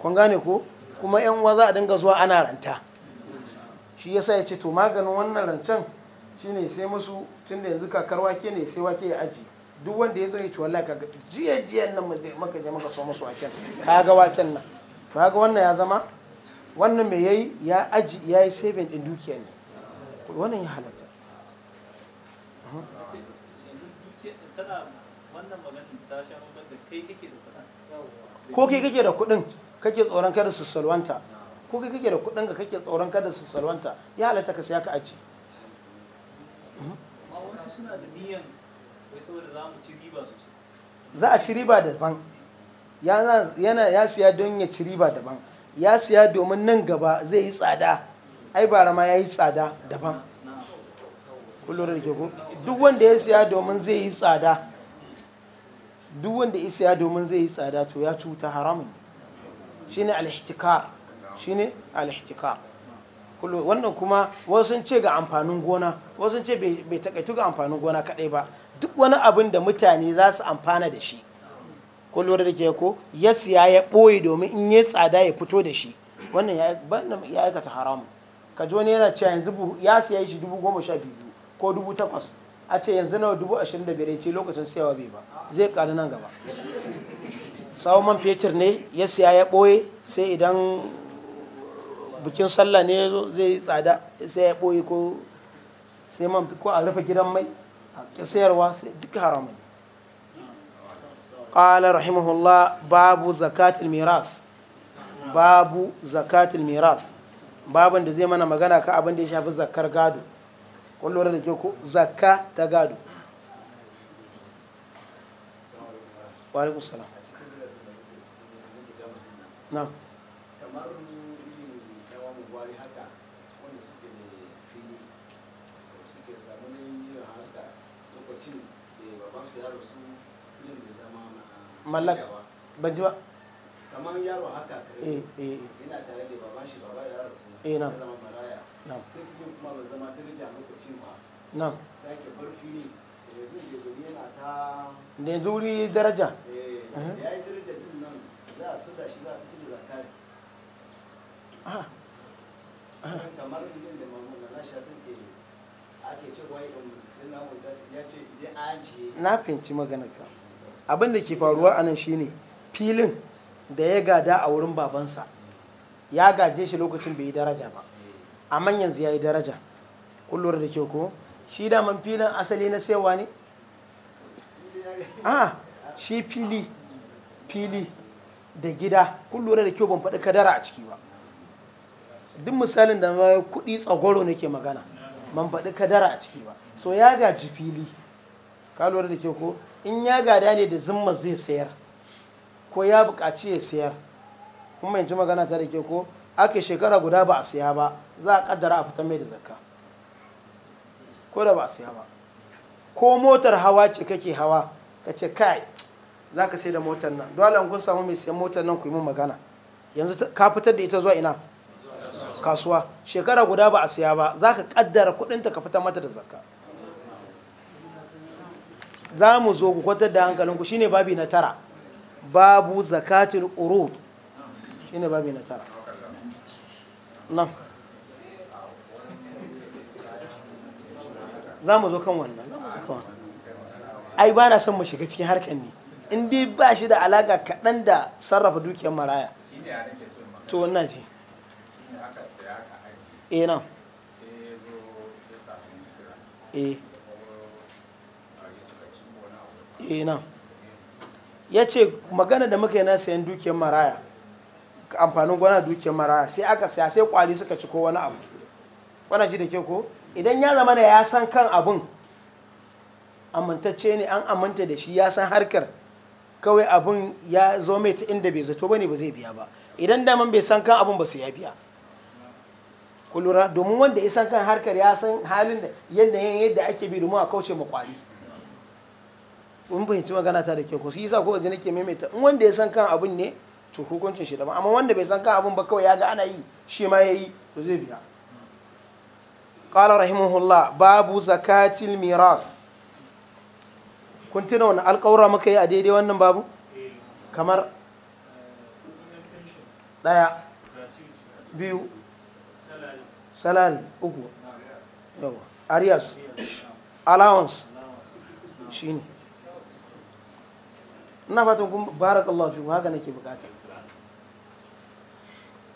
kun gane ko kuma yan uwa za a dinga zuwa ana ranta shi yasa ya ce to maganin wannan rancen shine sai musu tunda yanzu kakar wake ne sai wake ya aji. duk wanda ya zo ya ci wallahi kaga jiya jiyan nan maka je maka so musu waken kaga waken nan to kaga wannan ya zama wannan mai yayi ya aji ya yi saving din dukiya ne wannan ya halatta ko kai kake da kuɗin kake tsoron kada su salwanta ko kai kake da kuɗin ka kake tsoron kada su salwanta ya halatta ka sai ka aji wasu suna da niyan za a ci riba daban yana ya siya don ya ci riba daban ya siya domin nan gaba zai yi tsada ai bara ma ya yi tsada daban duk wanda ya siya domin zai yi tsada duk wanda ya siya domin zai yi tsada to ya cuta haramun shi ne alhitika shi ne alhitika wannan kuma wasu sun ce ga amfanin gona wasu sun ce bai takaitu ga amfanin gona kadai ba duk wani abin da mutane za su amfana da shi kullum da ke ko ya siya ya ɓoye domin in ya tsada ya fito da shi wannan ya aikata haramun ka ji wani yana cewa yanzu ya siya shi dubu goma sha biyu ko dubu takwas a ce yanzu nawa dubu ashirin da biyar ce lokacin siyawa bai ba zai ƙari nan gaba sawon man fetur ne ya siya ya ɓoye sai idan bikin sallah ne zai tsada sai ya ɓoye ko sai man ko a rufe gidan mai da sayarwa duka haramun ƙala rahimahullah babu zakatul miras babu zakatul miras babin da zai mana magana ka abin da ya shafi zakar gado kun da ke ku zakka ta gado wa na salam na'am mallak ban ji ba kamar yaro haka kare eh, eh. ina tare da baban shi baba da yaro suna eh na zama maraya sai kuma kuma ba zama dirja lokacin ba na sake bar fili eh, yanzu je gari yana ta da yanzu daraja eh mhm. ya yi daraja din nan za a sada shi za a fito da zakari ah. Ah. kamar idan da mamman na shafin ke ake cewa idan um, sai na mutu ya ce idan an ajiye na fahimci maganar ka abin da ke faruwa a nan shine filin da ya gada a wurin babansa ya gaje shi lokacin bai yi daraja ba amma yanzu ya yi daraja kullum da ke ko shi daman filin asali na saiwa ne a shi fili fili da gida kullum da kyau ban faɗi kadara a ciki ba duk misalin da ma kuɗi tsagoro nake magana ban faɗi kadara a ciki ba so ya gaji fili ka lura da ke ko in ya gada ne da zimma zai sayar ko ya buƙaci ya sayar kuma mai magana ta da ke ko ake shekara guda ba a siya ba za a kaddara a fita mai da zakka ko da ba a siya ba ko motar hawa ce kake hawa ka ce kai za ka sai da motar nan dole an kun samu mai siyan motar nan ku yi min magana yanzu ka fitar da ita zuwa ina kasuwa shekara guda ba a siya ba za ka kaddara kuɗinta ka fita mata da zakka za mu zo ku kwatar da hankalinku shine babi na tara babu zakatul urud shine babi na tara nan za mu zo kan wannan ai ba na son mu shiga cikin harkar ne in dai ba shi da alaka kaɗan da sarrafa dukiyar maraya to wannan ji eh nan eh ina eh, ya ce magana da muka yi nan sayan dukiyar maraya amfanin gona dukiyar maraya sai aka saya sai kwari suka ci ko wani abu wana ji da ke ko idan ya zama da ya san kan abun amintacce ne an aminta da shi ya san harkar kawai abun ya zo mai ta inda bai zato bane ba zai biya ba idan daman bai san kan abun ba su ya biya kulura domin wanda ya san kan harkar ya san halin da yadda yadda ake bi domin a kauce ma kwari mun fahimci magana ta da ke ku yasa ko wajen nake maimaita in wanda ya san kan abun ne to hukuncin shi daban amma wanda bai san kan abun ba kawai ya ga ana yi shi ma ya yi to zai biya qala rahimahullah babu zakatil miras kun tuna wani alƙawura muka yi a daidai wannan babu kamar ɗaya biyu salari uku yawa arias allowance shine ina fatan kun Allah fi haka nake bukata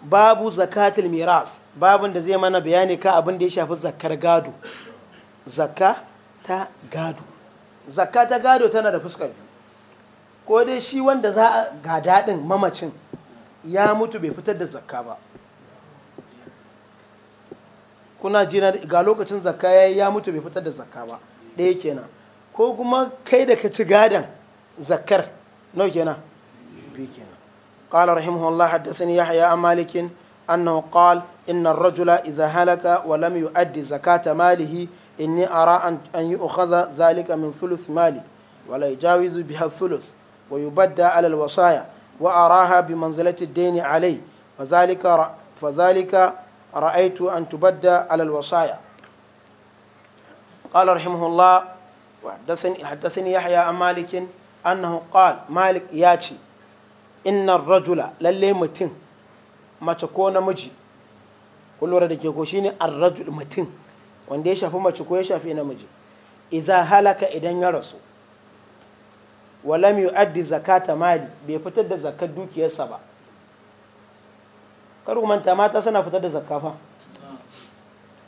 babu zakatul miras babin da zai mana bayani ka abin da ya shafi zakar gado zakka ta gado zakka ta gado tana da fuskar ko dai shi wanda za a ga din mamacin ya mutu bai fitar da zakka ba kuna jina ga lokacin zakka ya ya mutu bai fitar da zakka ba ɗaya kenan ko kuma kai da ka ci gadon zakkar nau kenan biyu kenan yahya an malikin annahu qala rajula idha halaka wa lam yu'addi zakata malihi inni ara an yu'khadha dhalika min thuluth mali wa la yujawizu biha thuluth wa yubadda 'ala al-wasaya wa araha bi manzilati ad alai 'alayhi fadhalika fadhalika رأيت أن تبدى على الوصايا قال رحمه الله حدثني يحيى مالك annahu qal malik ya ce innar rajula lalle mutum mace ko namiji kullura da ke ko shine ar-rajul mutum wanda ya shafi mace ko ya shafi namiji idza halaka idan ya rasu lam yu'addi zakata mali bai fitar da zakar dukiyarsa ba kar ku manta mata suna fitar da zakka fa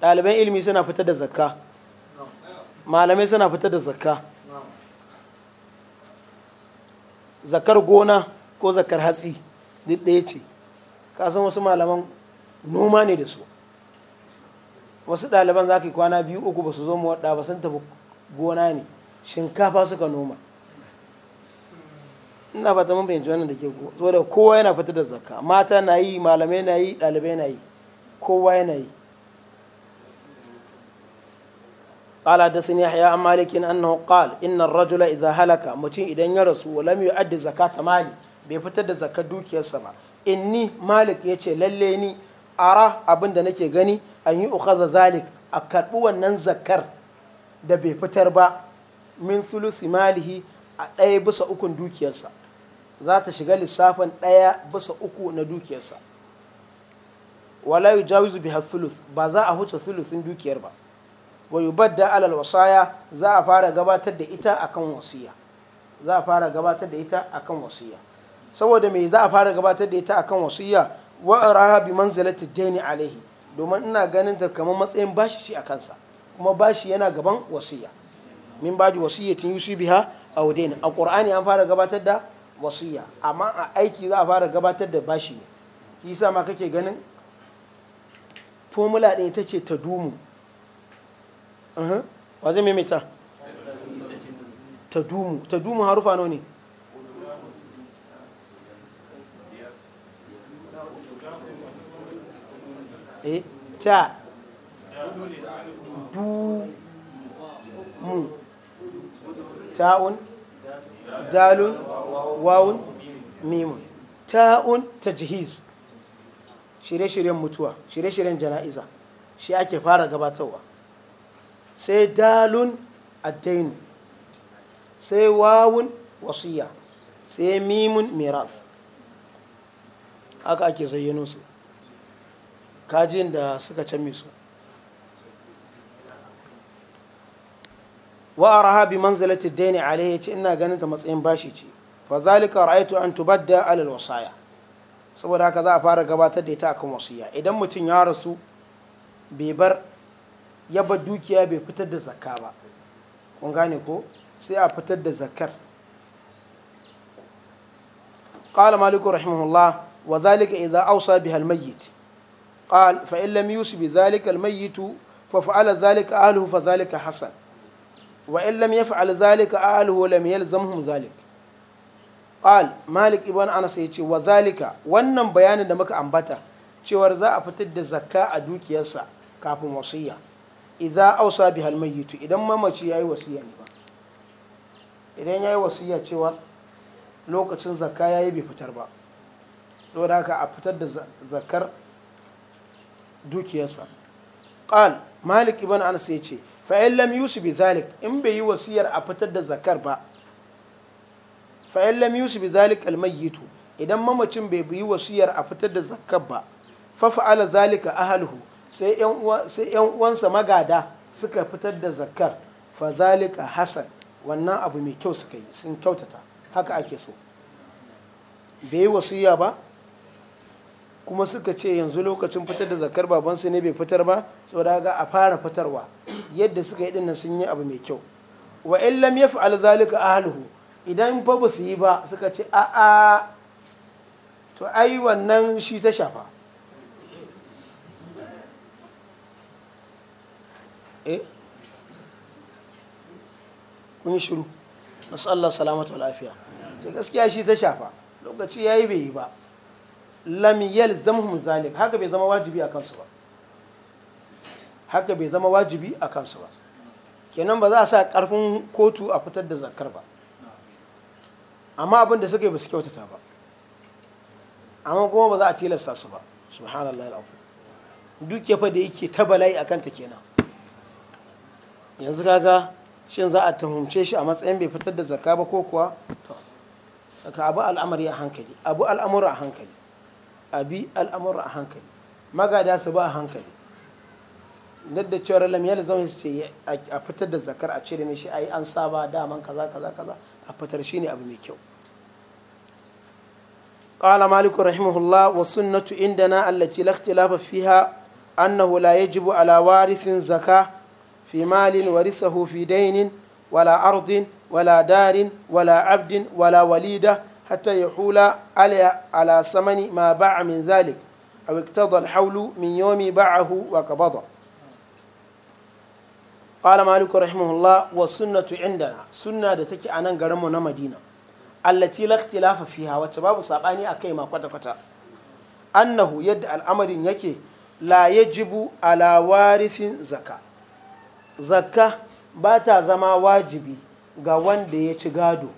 ɗaliban ilimi suna fitar da zakka malamai suna fitar da zakka zakar gona ko zakar hatsi duk ɗaya ce kasan wasu malaman noma ne da su wasu ɗaliban za ka yi kwana biyu uku ba su zo mawaɗa ba sun tafi gona ne shinkafa suka noma ina fata mun fahimci wannan da ke saboda kowa yana fitar da zakka mata na yi malamai na yi ɗalibai na yi kowa yana yi قال حدثني يحيى عن مالك انه قال ان الرجل اذا هلك متين اذا يرسو ولم يؤدي زكاه مالي bai fitar da zakar dukiyarsa ba inni malik ya ce lalle ni ara abin da nake gani an yi ukaza zalik a karɓi wannan zakar da bai fitar ba min sulusi malihi a ɗaya bisa ukun dukiyarsa za ta shiga lissafin ɗaya bisa uku na dukiyarsa wala yujawizu biha sulus ba za a huce sulusin dukiyar ba wa yubadda alal wasaya za a fara gabatar da ita akan wasiya za a fara gabatar da ita akan wasiya saboda me za a fara gabatar da ita akan wasiya wa araha bi manzilati daini alaihi domin ina ganin ta kamar matsayin bashi shi a kansa kuma bashi yana gaban wasiya min baji wasiyatin yusi biha aw daini a qur'ani an fara gabatar da wasiya amma a aiki za a fara gabatar da bashi ne yasa ma kake ganin formula ɗin ita ce ta dumu wa zai maimaita ta dumu ta dumu harufa nawa ne eh ta dumu ta'un dalun wawun mimun ta'un ta tajhiz shirye-shiryen mutuwa shirye-shiryen jana'iza shi ake fara gabatarwa sai dalun addainu sai wawun wasiya sai mimun miras haka ake zayyano su kajin da suka canmi su wa a rahabi manzalati daini alaihi ce ina ganin ta matsayin bashi ce fa zalika ra'aitu an tubadda alal wasaya saboda haka za a fara gabatar da ita akan wasiya idan mutum ya rasu bai bar ya bar dukiya bai fitar da zakka ba kun gane ko sai a fitar da zakkar قال مالك رحمه الله وذلك إذا أوصى بها الميت قال فإن لم يوصي zalika الميت ففعل ذلك أهله فذلك حسن وإن لم يفعل ذلك أهله لم يلزمهم ذلك قال مالك ابن أنس wa zalika wannan bayanin da muka ambata cewar za a fitar da zakka a dukiyarsa kafin wasiyya idza ausa bihal mayyitu idan mamaci yayi wasiya ne ba idan yayi wasiya cewa lokacin zakka yayi bai fitar ba saboda haka a fitar da zakkar dukiyarsa qal malik ibn anas yace fa in lam yusu bi zalik in bai yi wasiyar a fitar da zakar ba fa in lam yusu bi zalik al idan mamacin bai yi wasiyar a fitar da zakar ba fa fa'ala zalika ahluhu sai yan uwansa magada suka fitar da zakar fazalika hasan wannan abu mai kyau suka yi sun kyautata haka ake so bai yi wasiya ba kuma suka ce yanzu lokacin fitar da zakar babansu ne bai fitar ba saboda ga a fara fitarwa yadda suka yi dinnan sun yi abu mai kyau wa in lam yaf'al zalika ahluhu idan fa ba su yi ba suka ce a a to ai wannan shi ta shafa Eh? kun shiru na Allah salamatu lafiya ce gaskiya shi ta shafa lokaci ya yi bai yi ba lamiyyar yalzamhum zalik haka bai zama wajibi a kansu ba haka bai zama wajibi a kansu ba kenan ba za a sa karfin kotu a fitar da zakar ba amma abin da suka yi ba su kyautata ba amma kuma ba za a tilasta su ba subhanallah al'afu duk ya fa da yake ta bala'i a kanta kenan yanzu gaga shin za a tuhumce shi a matsayin bai fitar da zakka ba ko kuwa ka abu al'amari a hankali abu al'amura a hankali abi al'amura a hankali magada su ba a hankali duk da cewar lam yal zama su ce a fitar da zakar a cire mishi ai an saba daman kaza kaza kaza a fitar shine abu mai kyau قال مالك رحمه الله والسنة عندنا التي لا اختلاف فيها أنه لا يجب على وارث زكاة في مال ورثه في دين ولا أرض ولا دار ولا عبد ولا وليدة حتى يحول على على ثمن ما باع من ذلك أو اقتضى الحول من يوم باعه وقبضه قال مالك رحمه الله والسنة عندنا سنة تكي أنا غرمنا مدينة التي لا اختلاف فيها وتباب ساقاني أكيما قد قد أنه يد الأمر يكي لا يجب على وارث زكاه zakka ba ta zama wajibi ga wanda ya ci gado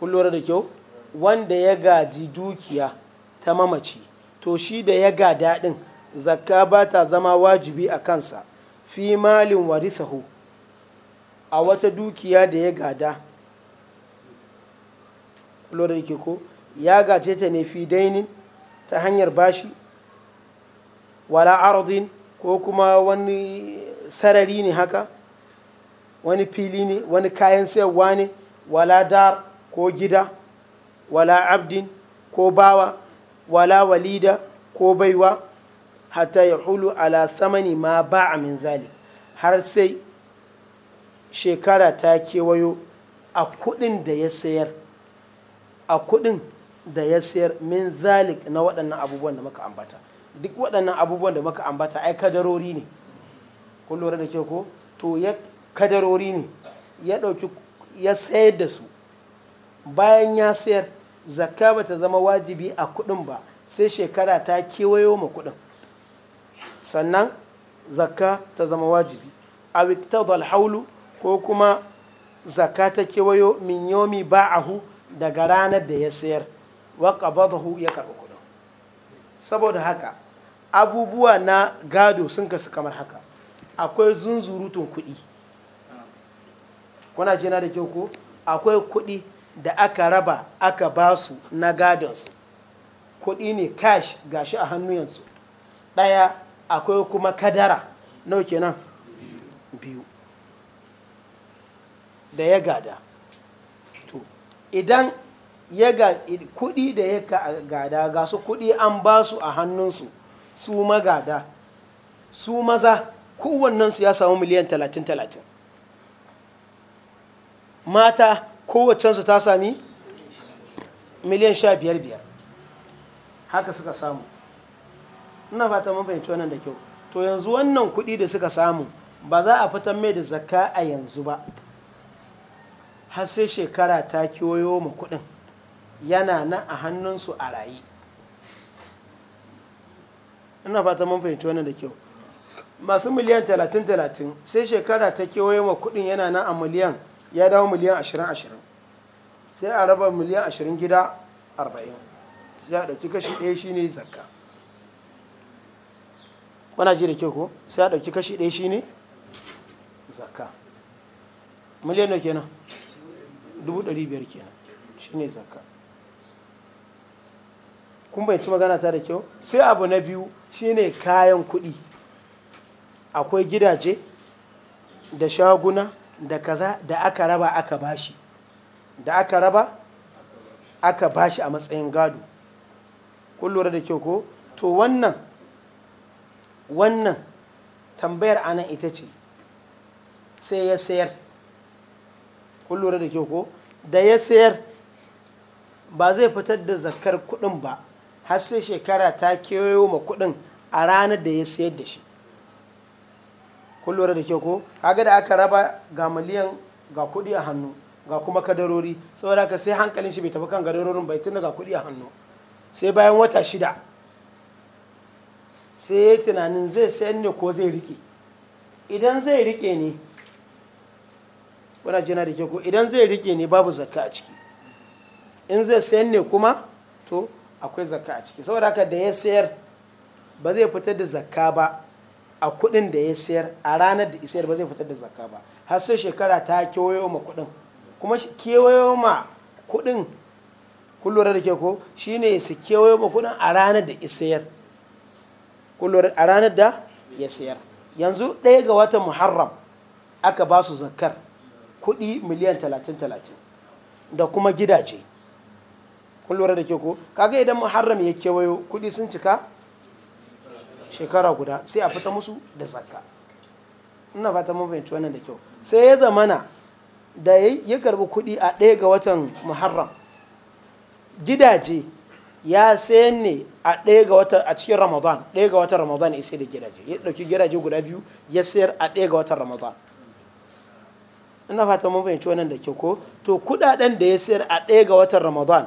kullura da kyau wanda ya gaji dukiya ta mamaci to shi da ya ga daɗin zakka ba ta zama wajibi a kansa fi malin warisahu a wata dukiya da ya gada kullura da ko ya gace ta ne fi dainin ta hanyar bashi wala arzin ko kuma wani sarari ne haka wani fili ne wani kayan sayarwa ne wala dar ko gida wala abdin ko bawa wala walida ko baiwa hatta ya hulu ala samani ma ba a min zalik har sai shekara ta kewayo a kudin da ya sayar a kudin da ya sayar min zalik na waɗannan abubuwan da muka ambata duk waɗannan abubuwan da muka ambata ai kadarori ne kun lura da ke ko to ya kadarori ne ya ɗauki ya sayar da su bayan ya sayar zakka ba ta zama wajibi a kuɗin ba sai shekara ta kewayo ma kuɗin sannan zakka ta zama wajibi a wiktadal haulu ko kuma zakka ta kewayo min yomi hu daga ranar da ya sayar wa hu ya karɓi kuɗin saboda haka abubuwa na gado sun kasu kamar haka akwai zunzurutun kuɗi kuna jina da kyau ko akwai kuɗi da aka raba aka ba su na gadonsu kuɗi ne cash gashi a hannu yanzu ɗaya akwai kuma kadara nau kenan biyu da ya gada to idan kuɗi da ya gada ga su kuɗi an ba su a hannunsu su magada su maza kowannensu ya samu miliyan talatin talatin mata kowacensu ta sami miliyan sha biyar biyar haka suka samu ina fata mun fahimci wannan da kyau to yanzu wannan kuɗi da suka samu ba za a fitar mai da zakka a yanzu ba har sai shekara ta kiwoyo ma kuɗin yana nan a hannunsu a raye ina fata mun fahimci wannan da kyau masu miliyan talatin talatin sai shekara ta kewaye ma kudin yana nan a miliyan ya dawo miliyan ashirin ashirin sai a raba miliyan ashirin gida arba'in sai a ɗauki kashi ɗaya shine zakka wana ji da kyau ko sai a ɗauki kashi ɗaya shine zakka miliyan da kenan dubu ɗari biyar kenan shine zakka kun bai ci magana ta da kyau sai abu na biyu shine kayan kuɗi akwai gidaje da shaguna da kaza da aka raba aka bashi da aka raba aka bashi a matsayin gado kun da kyau ko to wannan wannan tambayar anan ita ce sai ya sayar kun da kyau ko da ya sayar ba zai fitar da zakar kuɗin ba har sai shekara ta kewayo ma kudin a ranar da ya sayar da shi kun lura da ke ko kaga da aka raba ga miliyan ga kudi a hannu ga kuma kadarori saboda ka sai hankalin shi bai tafi kan kadarorin bai tunda ga kudi a hannu sai bayan wata shida sai ya yi tunanin zai sayar ne ko zai rike idan zai rike ne kuna jina da ke ko idan zai rike ne babu zakka a ciki in zai sayar ne kuma to akwai zakka a ciki saboda haka da ya sayar ba zai fitar da zakka ba a kudin da ya sayar a ranar da isayar ba zai fitar da zakka ba har sai shekara ta kewayo ma kuɗin kuma kewayo ma kudin kun da ke ko shine su kewayo ma kudin a ranar da ya sayar a ranar da ya sayar yanzu ɗaya ga watan muharram aka ba su zakkar kudi miliyan talatin talatin da kuma gidaje kun lura da ke ko kaga idan muharram ya kewayo kudi sun cika shekara guda sai a fita musu da zakka ina fata mun fahimci wannan da kyau sai ya zamana da ya karbi kudi a ɗaya ga watan muharram gidaje ya sayan ne a ɗaya ga watan a cikin ramadan ɗaya ga watan ramadan ya sai da gidaje ya ɗauki gidaje guda biyu ya sayar a ɗaya ga watan ramadan ina fata mun fahimci wannan da kyau ko to kudaden da ya sayar a ɗaya ga watan ramadan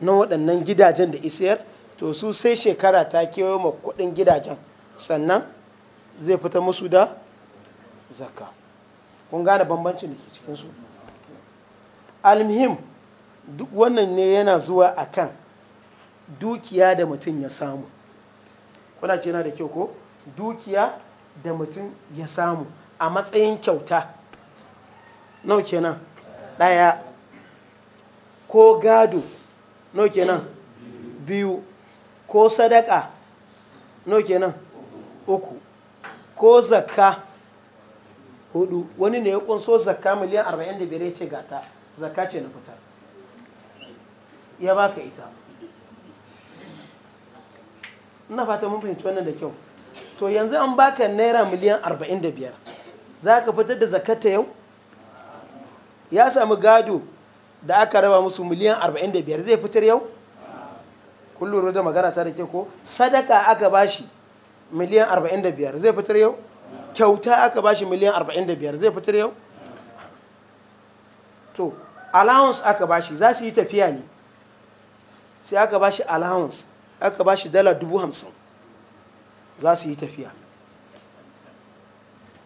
na waɗannan gidajen da isiyar to su sai shekara ta kewaye ma kuɗin gidajen sannan zai fita musu da zakka kun gane bambancin da ke cikinsu almihim duk wannan ne yana zuwa akan dukiya da mutum ya samu kuna ce yana da kyau ko dukiya da mutum ya samu a matsayin kyauta nau kenan ɗaya ko gado no kenan biyu ko sadaka no kenan uku ko zakka hudu wani ne ya kunso zakka miliyan da ya ce gata zakka ce na fitar ya baka ita ina fata mun fahimci wannan da kyau to yanzu an baka naira miliyan 45 za ka fitar da zakata yau ya sami gado da aka raba musu miliyan 45 zai fitar yau kullum da magana ta da ke ko sadaka aka bashi miliyan 45 zai fitar yau kyauta aka bashi miliyan 45 zai fitar yau to allowance aka bashi za su yi tafiya ne sai aka bashi allowance aka bashi dala 50,000 za su yi tafiya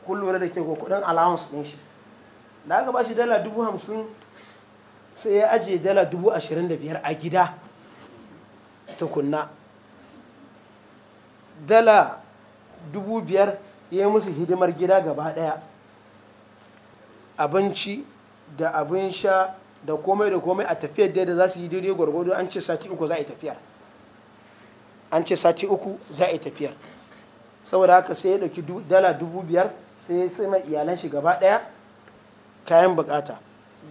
kullum da ke ko kudin allowance din shi da aka bashi dala hamsin. sai ya ajiye dala dubu ashirin da biyar a gida tukunna dala dubu biyar ya yi musu hidimar gida gaba daya abinci da abin sha da komai da komai a tafiyar da da za su yi daidai gwargwado an ce sati uku za a yi tafiyar an ce sati uku za a yi tafiyar saboda haka sai ya ɗauki dala dubu biyar sai ya sai iyalan shi gaba daya kayan bukata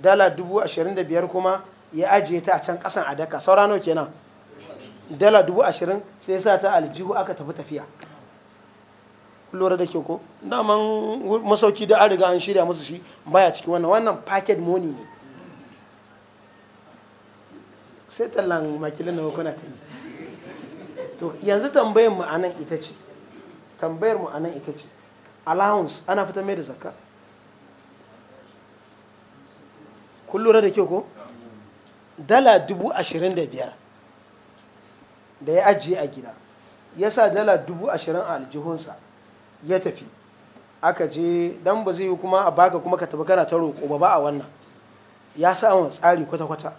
dala dubu ashirin da biyar kuma ya ajiye ta a can kasan a daka saura nawa kenan dala dubu ashirin sai sa ta aljihu aka tafi tafiya lura da ke ko daman masauki da an riga an shirya musu shi baya ciki wannan wannan packet money ne sai tallan makilin na kuna ta to yanzu tambayar mu anan ita ce tambayar mu ita ce allowance ana fitar mai da zakka kun da kyau ko dala dubu ashirin da biyar da ya ajiye a gida ya sa dala dubu ashirin a aljihunsa ya tafi aka je dan ba zai yi kuma a baka kuma ka tafi kana ta roƙo ba ba a wannan ya sa tsari kwata-kwata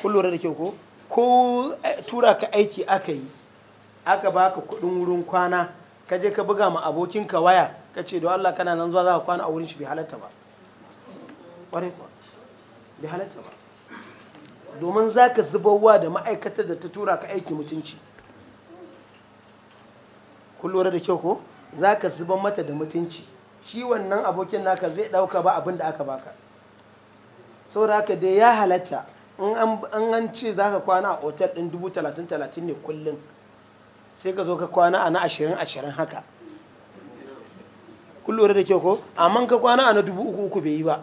kun da kyau ko ko eh, tura ka aiki aka yi aka baka kuɗin wurin kwana ka je ka buga ma abokinka waya ka ce don allah kana nan zuwa za ka kwana a wurin shi bai halatta ba ƙwarai kuwa bai halatta ba domin za ka zubarwa da ma'aikatar da ta tura ka aiki mutunci kun lura da kyau ko za ka zubar mata da mutunci shi wannan abokin naka zai ɗauka ba abin da aka baka saboda haka dai ya halatta in an ce za ka kwana a otal ɗin dubu talatin talatin ne kullum sai ka zo ka kwana a na ashirin ashirin haka kun lura da kyau ko amma ka kwana a na dubu uku uku bai yi ba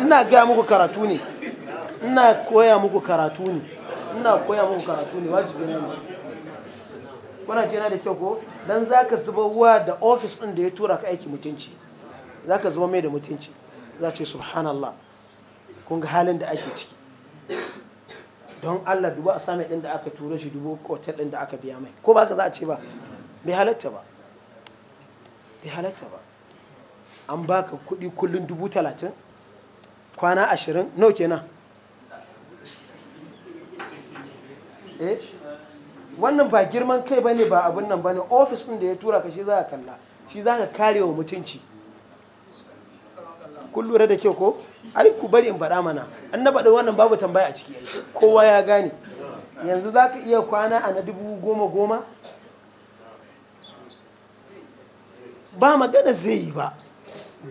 ina gaya muku karatu ne ina koya muku karatu ne ina koya muku karatu ne wajibi ne kuna jina da kyau ko dan zaka zuba wa da ofis ɗin da ya tura ka aiki mutunci zaka zuba mai da mutunci za ce subhanallah kun ga halin da ake ciki don Allah dubu a sami ɗin da aka tura shi dubu kotar ɗin da aka biya mai ko ba ka za a ce ba bai halatta ba bai halatta ba an baka kuɗi kullum dubu talatin kwana ashirin no kenan eh wannan ba girman kai bane ba abin nan bane ofis ɗin da ya tura ka shi za ka kalla shi za ka kare wa mutunci kun lura da kyau ko ai ku bari in faɗa mana an na wannan babu tambaya a ciki kowa ya gane yanzu za ka iya kwana a na dubu goma goma ba magana zai yi ba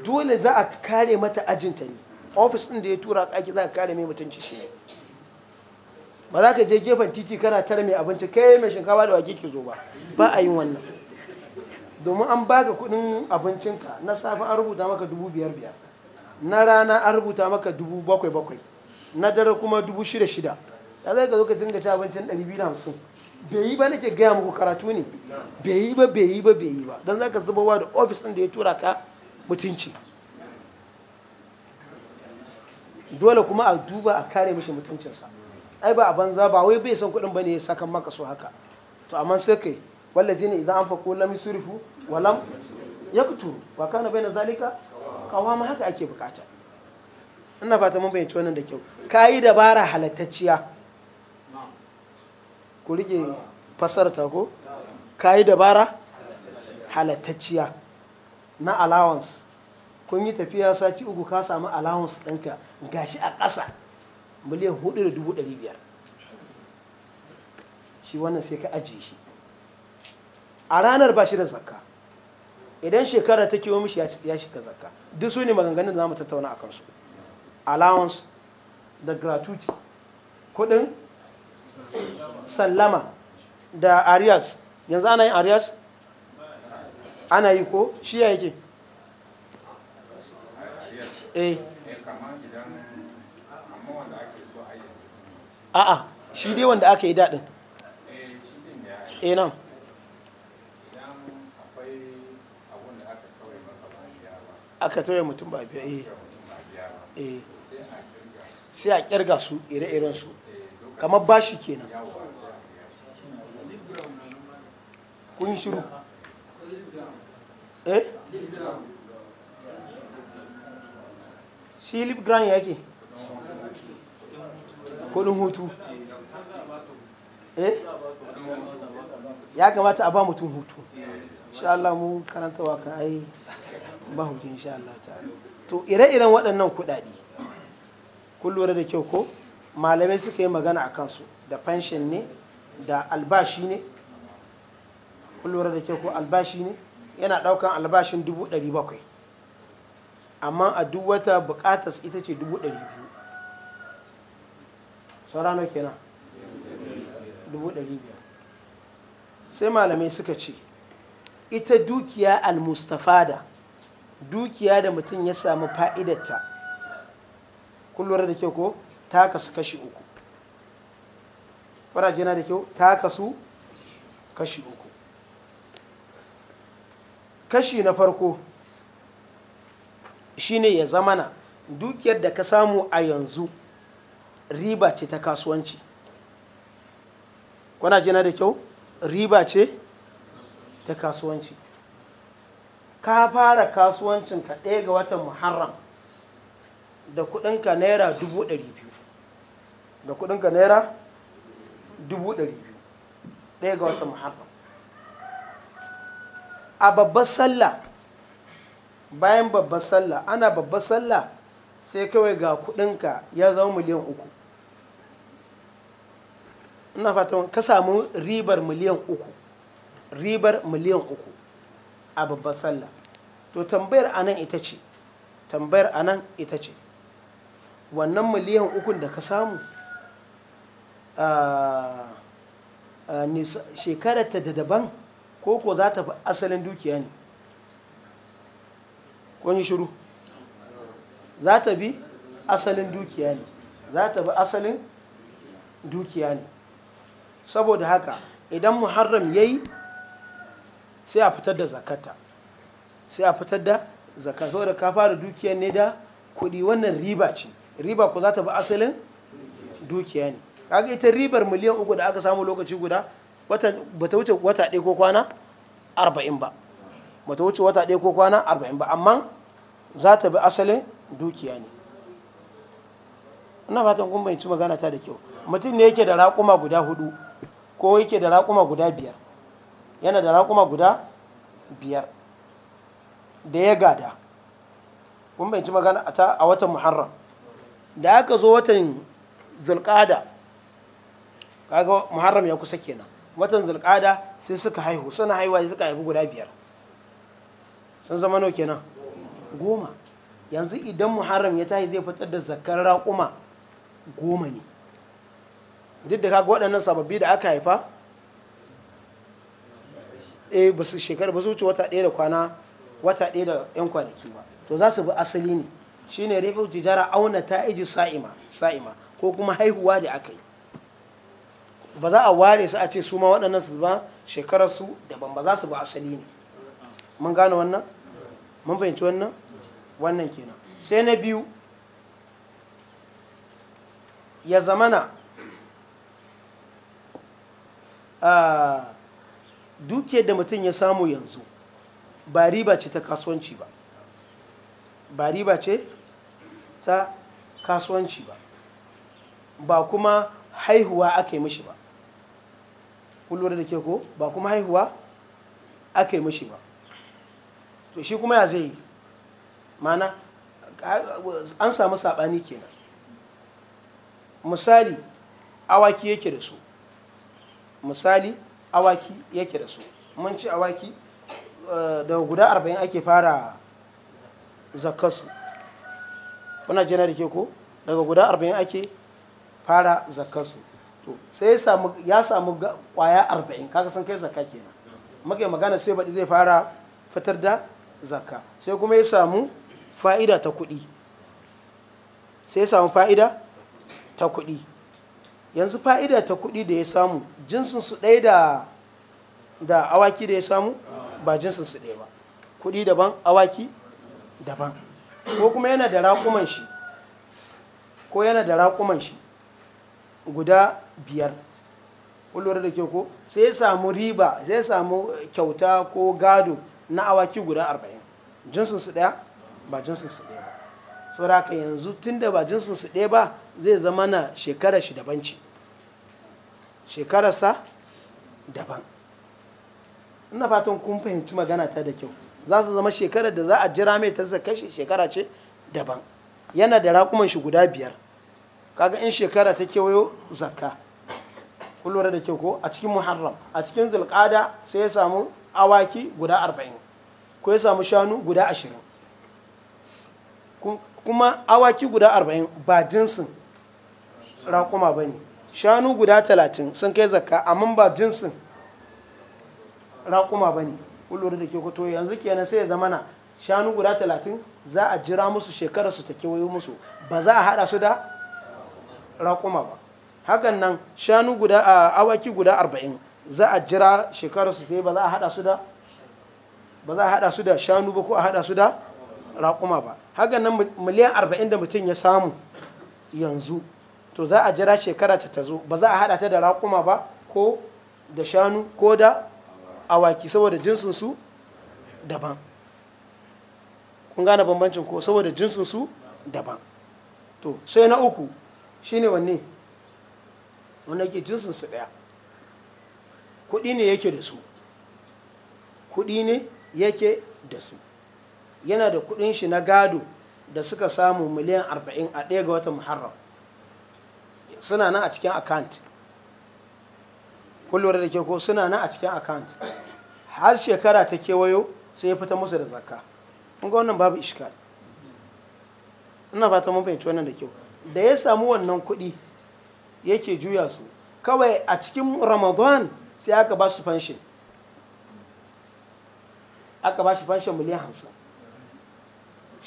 dole za a kare mata ajinta ne ofis ɗin da ya tura ka aiki za ka kare mai mutunci shi ne ba za ka je gefen titi kana tara mai abinci kai mai shinkafa da wake ke zo ba ba a yin wannan domin an baka kuɗin abincinka na safe an rubuta maka dubu biyar biyar na rana an rubuta maka dubu bakwai bakwai na dare kuma dubu shida shida ya zai ka zo ka dinga ci abincin ɗari biyu da hamsin bai yi ba nake gaya muku karatu ne bai yi ba bai yi ba bai yi ba don za ka zubawa da ofis ɗin da ya tura ka mutunci dole kuma a duba a kare mishi mutuncinsa ai ba a banza ba wai bai son kuɗin bane ya saka maka so haka to amma sai kai wallazina idan anfaqu lam yusrifu wa lam yaktu wa kana baina zalika kawama haka ake bukata ina fata mun bayyana wannan da kyau kai dabara halattacciya ku rike fasar ta ko kai dabara halattacciya na allowance kun yi tafiya sati uku ka samu allowance ɗanka gashi a ƙasa miliyan hudu da dubu biyar shi wannan sai ka ajiye shi a ranar ba shi da zakka idan shekara ta kewa mishi ya shiga zakka duk su ne maganganun da za mu tattauna a kansu allowance da gratuity kudin sallama da arias yanzu ana yin arias ana yi ko shi ya yake eh a'a shi dai wanda aka yi daɗin eh nan aka tauye mutum ba biya eh. eh sai a kirga su ire-iren su kamar bashi kenan kun yi shiru eh shi lip grand yake kudin hutu eh ya kamata a ba mutum hutu insha Allah mu karanta kan ai ba hutu insha Allah ta to ire-iren waɗannan kuɗaɗe kun lura da kyau ko malamai suka yi magana a kansu da fanshin ne da albashi ne kun lura da kyau ko albashi ne yana ɗaukan albashin dubu ɗari bakwai amma a duk wata buƙatar ita ce dubu ɗari biyu saurano kenan dubu ɗari sai malamai suka ce ita dukiya al-mustafada dukiya da mutum ya samu fa’idatta kullum da ke ko ta kasu kashi uku faraje da kyau ta kasu kashi uku kashi na farko shine ya zamana dukiyar da ka samu a yanzu riba ce ta kasuwanci kuna jina da kyau riba ce ta kasuwanci ka fara kasuwancinka ɗaya ga watan muharram da kudinka naira dubu ɗari biyu da kudinka naira dubu ɗari biyu ɗaya ga watan muharram a babbar sallah bayan babbar sallah ana babbar sallah sai kawai ga kudinka ya zama miliyan uku ina fatan ka samu ribar miliyan uku ribar miliyan uku a babbar sallah to tambayar anan ita ce tambayar anan ita ce wannan miliyan ukun da ka samu shekararta da daban ko ko za ta fi asalin dukiya ne yi shiru za ta bi asalin dukiya ne za ta bi asalin dukiya ne saboda haka idan muharram ya yi, sai a fitar da zakata sai a fitar da zakata saboda ka fara dukiyar ne da kuɗi wannan riba ce riba ku za ta bi asalin dukiya ne kaga ita ribar miliyan uku da aka samu lokaci guda ba ta wuce wata ɗaya ko kwana arba'in ba ba ta wuce wata ɗaya ko kwana arba'in ba amma za ta bi asalin dukiya ne ina fatan kun bayanci magana ta da kyau mutum ne yake da raƙuma guda hudu ko yake da raƙuma guda biyar yana da raƙuma guda biyar da ya gada kun bai ci magana a watan muharram da aka zo watan zulƙada kaga muharram ya kusa kenan watan zulƙada sai suka haihu suna haihuwa sai suka haifi guda biyar sun zama nau kenan goma yanzu idan muharram ya tahi zai fitar da zakar raƙuma goma ne duk da kaga waɗannan sababbi da aka haifa eh ba su shekara ba su wuce wata ɗaya da kwana wata ɗaya da yan kwanaki ba to za su bi asali ne shine rifu tijara auna ta iji sa'ima sa'ima ko kuma haihuwa da aka yi ba za a ware su a ce su ma waɗannan su ba shekarar su daban ba za su bi asali ne mun gane wannan mun fahimci wannan wannan kenan sai na biyu ya zamana dukiyar da mutum ya samu yanzu ba riba ce ta kasuwanci ba ba riba ce ta kasuwanci ba ba kuma haihuwa aka yi mishi ba kullum da ke ko ba kuma haihuwa aka yi mishi ba to shi kuma ya zai yi mana an samu saɓani kenan misali awaki yake da su misali awaki yake da su mun ci awaki eh, daga guda arba'in ake fara zakasu kuna jana da ke ko daga guda arba'in ake fara zakasu to sai ya samu kwaya arba'in kaka san kai zakka kenan muke magana sai baɗi zai fara fitar da zaka sai kuma ya samu fa'ida ta kuɗi sai ya samu fa'ida ta kuɗi yanzu fa'ida ta kuɗi da ya samu jinsin su ɗaya da da awaki da ya samu ba jinsin su ɗaya ba kuɗi daban awaki daban ko kuma yana da raƙuman shi ko yana da raƙuman shi guda biyar kullum da ke ko sai ya samu riba sai ya samu kyauta ko gado na awaki guda arba'in jinsin su ɗaya ba jinsin su ɗaya ba saboda yanzu da ba jinsin su ɗaya ba zai zama na shekara shi daban ce shekararsa daban ina fatan kun fahimci magana ta da kyau za su zama shekarar da za a jira mai ta kashi shekara ce daban yana da raƙuman shi guda biyar kaga in shekara ta kewayo zakka kun da kyau ko a cikin muharram a cikin zulƙada sai ya samu awaki guda arba'in ko ya samu shanu guda ashirin kuma awaki guda arba'in ba jinsin raƙuma ba ne shanu guda talatin sun kai zakka amma ba jinsin raƙuma ba ne kullum da ke kuto yanzu kenan sai ya zama na shanu guda talatin za a jira musu shekarar su ta kewayo musu ba za a haɗa su da raƙuma ba hakan nan shanu guda a awaki guda arba'in za a jira shekarar su ta da ba za a haɗa su da shanu ba ko a haɗa su da raƙuma ba haka nan miliyan arba'in da mutum ya samu yanzu to za a jira shekara ta tazo ba za a haɗa ta da raƙuma ba ko da shanu ko da awaki saboda jinsinsu daban kun gane bambancin ko saboda jinsinsu daban to sai na uku shine wanne wanda ke jinsinsu ɗaya kuɗi ne yake da su kuɗi ne yake da su yana da kudin shi na gado da suka samu miliyan 40 a ɗaya ga watan muharram suna nan a cikin account kullum da ke ko suna nan a cikin account har shekara ta kewayo sai ya fita musu da zakka in ga wannan babu Ishka? ina fata mun fahimci wannan da kyau da ya samu wannan kuɗi yake juya su kawai a cikin ramadan sai aka ba su fanshin aka ba shi fanshin miliyan hamsin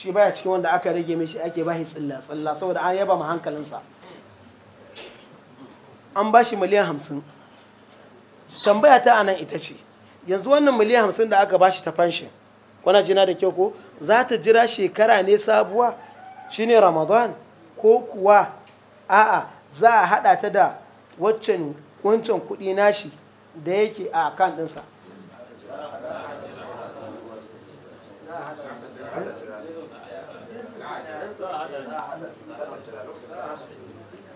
shi baya cikin wanda aka rage mishi ake bashi tsilla tsilla saboda an yaba ma hankalinsa an bashi miliyan hamsin tambaya ta anan ita ce yanzu wannan miliyan hamsin da aka bashi ta fanshin kwana jina da kyau ko za ta jira shekara ne sabuwa shine ramadan ko kuwa a'a za a hada ta da waccan wancan kudi nashi da yake a akan ɗinsa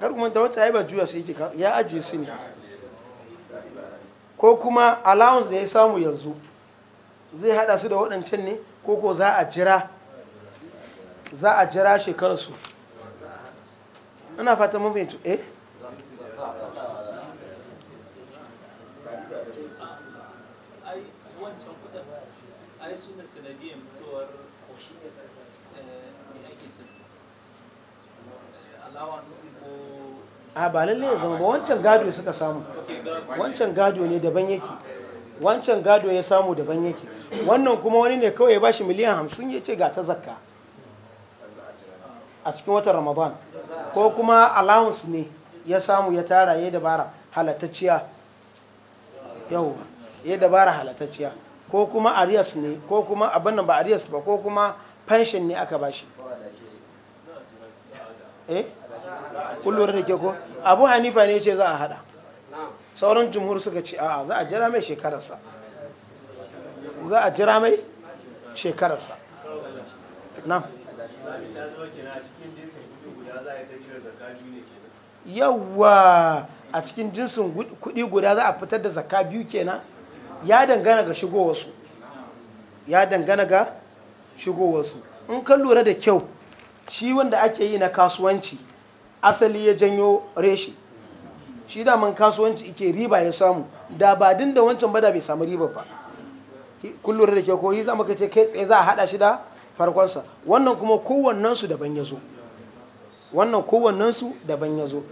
kar kuma ta wacce ba juya su yake ya ajiye su ne ko kuma allowance da ya samu yanzu zai hada su da waɗancan ne ko ko za a jira za a jira shekarar su ana fata mun fahimci eh Allah wasu a ba lalle ya zama ba wancan gado suka samu wancan gado ne daban yake wancan gado ya samu daban yake wannan kuma wani ne kawai ya bashi miliyan hamsin ya ce ga ta zakka a cikin watan ramadan ko kuma allowance ne ya samu ya tara ya dabara halatacciya yau ya dabara halatacciya ko kuma arias ne ko kuma abin nan ba arias ba ko kuma pension ne aka bashi eh kullum da ke ko abu hanifa ne ce za a hada sauran jumhur suka ce a za a jira mai shekararsa za a jira mai shekararsa na yawwa a cikin jinsin kuɗi guda za a fitar da zakka biyu kenan ya dangana ga shigowarsu ya dangana ga shigowarsu in ka lura da kyau shi wanda ake yi na kasuwanci asali ya janyo reshi shi daman kasuwanci ike riba ya samu da ba din da wancan ba da bai samu riba ba kullum da ke koyi za ka ce kai tsaye za a hada shi da farkonsa wannan kuma kowannensu daban ya zo wannan kowannensu daban ya zo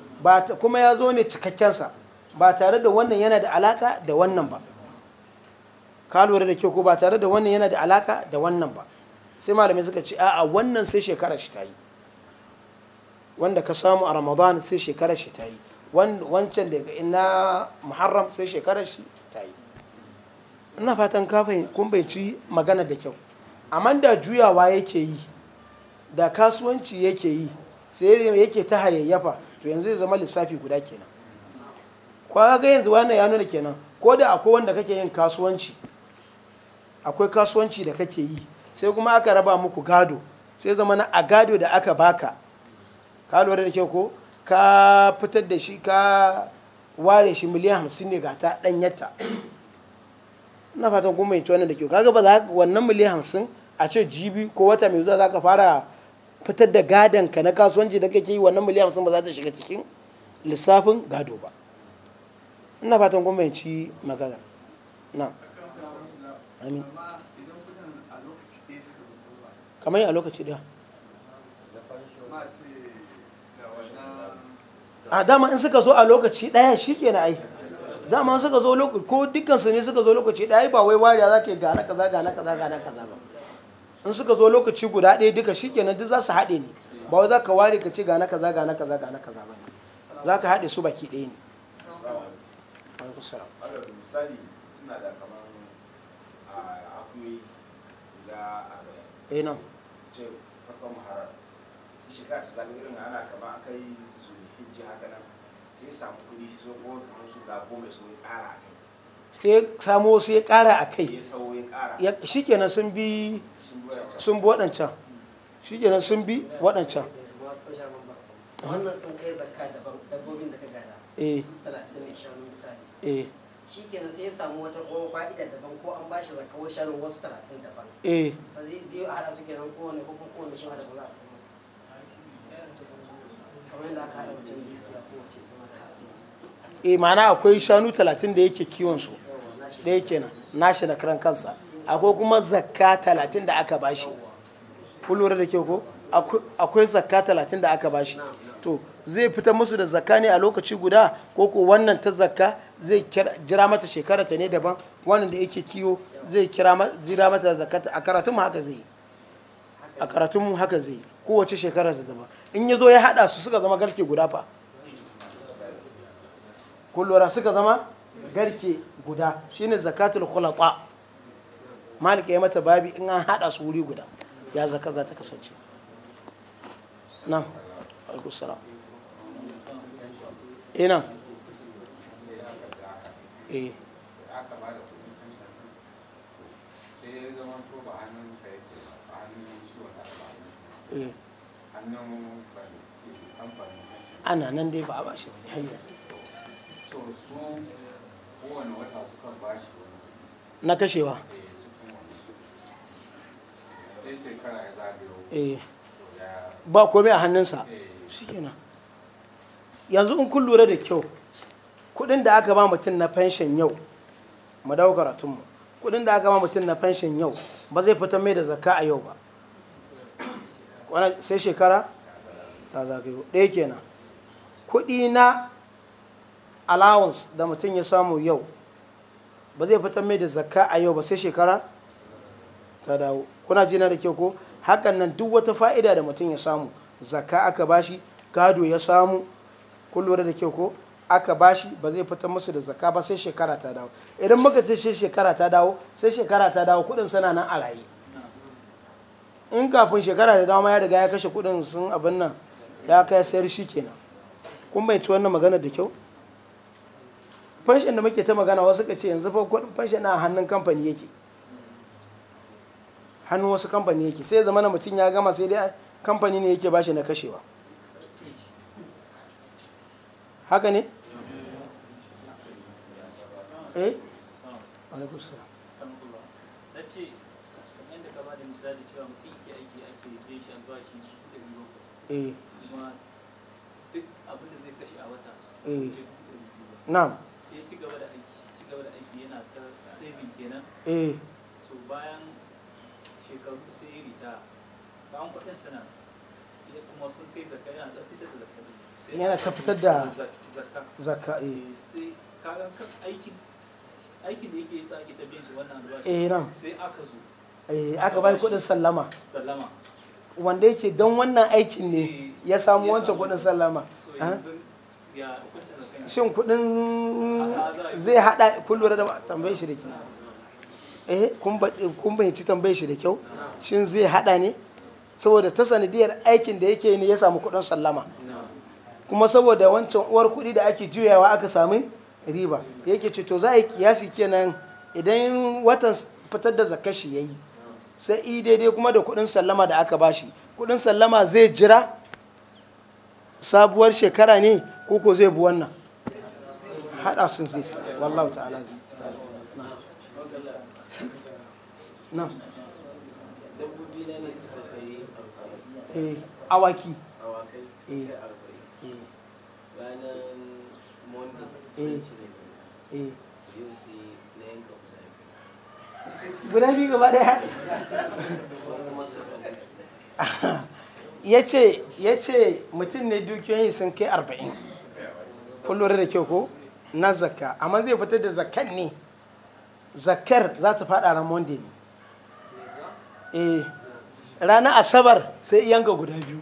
kuma ya zo ne cikakkensa ba tare da wannan yana da alaka da wannan ba ka lura da ke ko ba tare da wannan yana da alaka da wannan ba sai malamai suka ce a'a wannan sai shekara shi ta yi wanda ka samu a ramadan sai shekarar shi ta yi wancan daga ina muharram sai shekarar shi ta yi ina fatan kun bai magana da kyau amma da juyawa yake yi da kasuwanci yake yi sai yake ta hayayyafa to yanzu zai zama lissafi guda kenan kwa ga yanzu wannan ya nuna kenan ko da akwai wanda kake yin kasuwanci akwai kasuwanci da kake yi sai kuma aka raba muku gado sai zama na a gado da aka baka ka lura da kyau ko ka fitar da shi ka ware shi miliyan hamsin ne ga ta ɗanyarta na fatan kuma yin wannan da kyau kaga ba za wannan miliyan hamsin a ce jibi ko wata mai zuwa za ka fara fitar da gadon ka na kasuwanci da kake yi wannan miliyan hamsin ba za ta shiga cikin lissafin gado ba ina fatan kuma ci magana na amin kamar yi a lokaci daya a dama in suka zo a lokaci daya shi ke ai zama suka zo lokaci ko dukansu ne suka zo lokaci daya ba wai wariya za ke gana kaza gana kaza gana kaza ba in suka zo lokaci guda ɗaya duka shi kenan duk za su haɗe ne ba wai za ka ware ka ce gana kaza gana kaza gana kaza ba za ka haɗe su baki ɗaya ne misali ce eh, farkon ana kama kai su sai samu wasu a ya kara a kai shi kenan sun bi sun bi waɗancan shi kenan sun bi waɗancan wannan sun kai zakka dabbobin da ka gada eh. sun mai shanu misali eh. shi kenan sai ya samu wata kuma daban ko an bashi zakka wasu shanu wasu talatin daban eh. zai a haɗa su kenan kowane kowane haɗa ba e eh, mana akwai shanu talatin da yake kiwon su yake kenan nashi da karan kansa akwai kuma zakka talatin da aka bashi kun lura da ke ko akwai zakka talatin da aka bashi to zai fitar musu da zakka ne a lokaci guda ko ko wannan ta zakka zai jira mata shekara ta ne daban wannan da yake kiwo zai jira mata zakka a karatun mu haka zai a karatun mu haka zai kowace shekara ta daban in ya zo ya haɗa su suka zama garke guda fa kullura suka zama garke guda shine zakatul khulata malik ya mata babi in an haɗa su wuri guda ya zaka za ta kasance nan alaikussalam ina eh, eh sai ya to ba hannun Eh. ana nan dai ba a bashi wani hanyar na kashewa eh, eh. ba komai a hannunsa shi kenan yanzu in kun lura da kyau kudin da aka ba mutum na fenshin yau mu dawo kudin da aka ba mutum na fenshin yau ba zai fitar mai da zakka a yau ba sai shekara ta zagayo ɗaya kenan kuɗi na allowance da mutum ya samu yau ba zai fitar mai da zakka a yau ba sai shekara ta dawo kuna jina da kyau ko hakan nan duk wata fa'ida da mutum ya samu zakka aka bashi gado ya samu kullum da kyau ko aka bashi ba zai fitar musu da zakka ba sai shekara ta dawo idan muka ce shekara ta dawo sai shekara ta dawo kuɗin sana nan a raye in kafin shekara da dama ya riga ya kashe kudin sun abin nan ya kai sayar shi kenan kun bai ci wannan magana da kyau fanshin da muke ta magana wasu ka ce yanzu fa kudin fanshin na hannun kamfani yake hannun wasu kamfani yake sai zama na mutum ya gama sai dai kamfani ne yake bashi na kashewa haka ne eh alaikum salam da misali cewa eh na'am sai ya ci gaba da aiki ci gaba da aiki yana ta saving kenan eh to bayan shekaru sai ya rita bayan kuɗin sana ya kuma sun kai zakka yana ta fitar da zakka yana ta fitar da zakka eh. eh sai kaga aikin aikin da yake yi sa ake ta biyan shi wannan albashi eh na'am sai aka zo eh aka bai kuɗin sallama sallama wanda yake don wannan aikin ne ya samu wancan kudin sallama shin kudin zai hada kullum da tambayar shi da kyau eh kun bayyanci tambayar shi da kyau shin zai hada ne saboda ta sanadiyar aikin da yake ne ya samu kudin sallama kuma saboda wancan uwar kudi da ake juyawa aka sami riba yake ce to za a yi kiyasi kenan idan watan fitar da zakashi ya yi sai i daidai kuma da kuɗin sallama da aka bashi kuɗin sallama zai jira sabuwar shekara ne ko ko zai bu wannan hada sun zai wallahu ta'ala na eh, awaki eh, eh, awakai guda biyu gaba daya ya ce mutum ne dukiyoyin sun kai arba'in kullum da kyau ko na zakka amma zai fitar da zakkan ne zakkar za ta fada ran monday ne eh, ranar asabar sai yanka guda biyu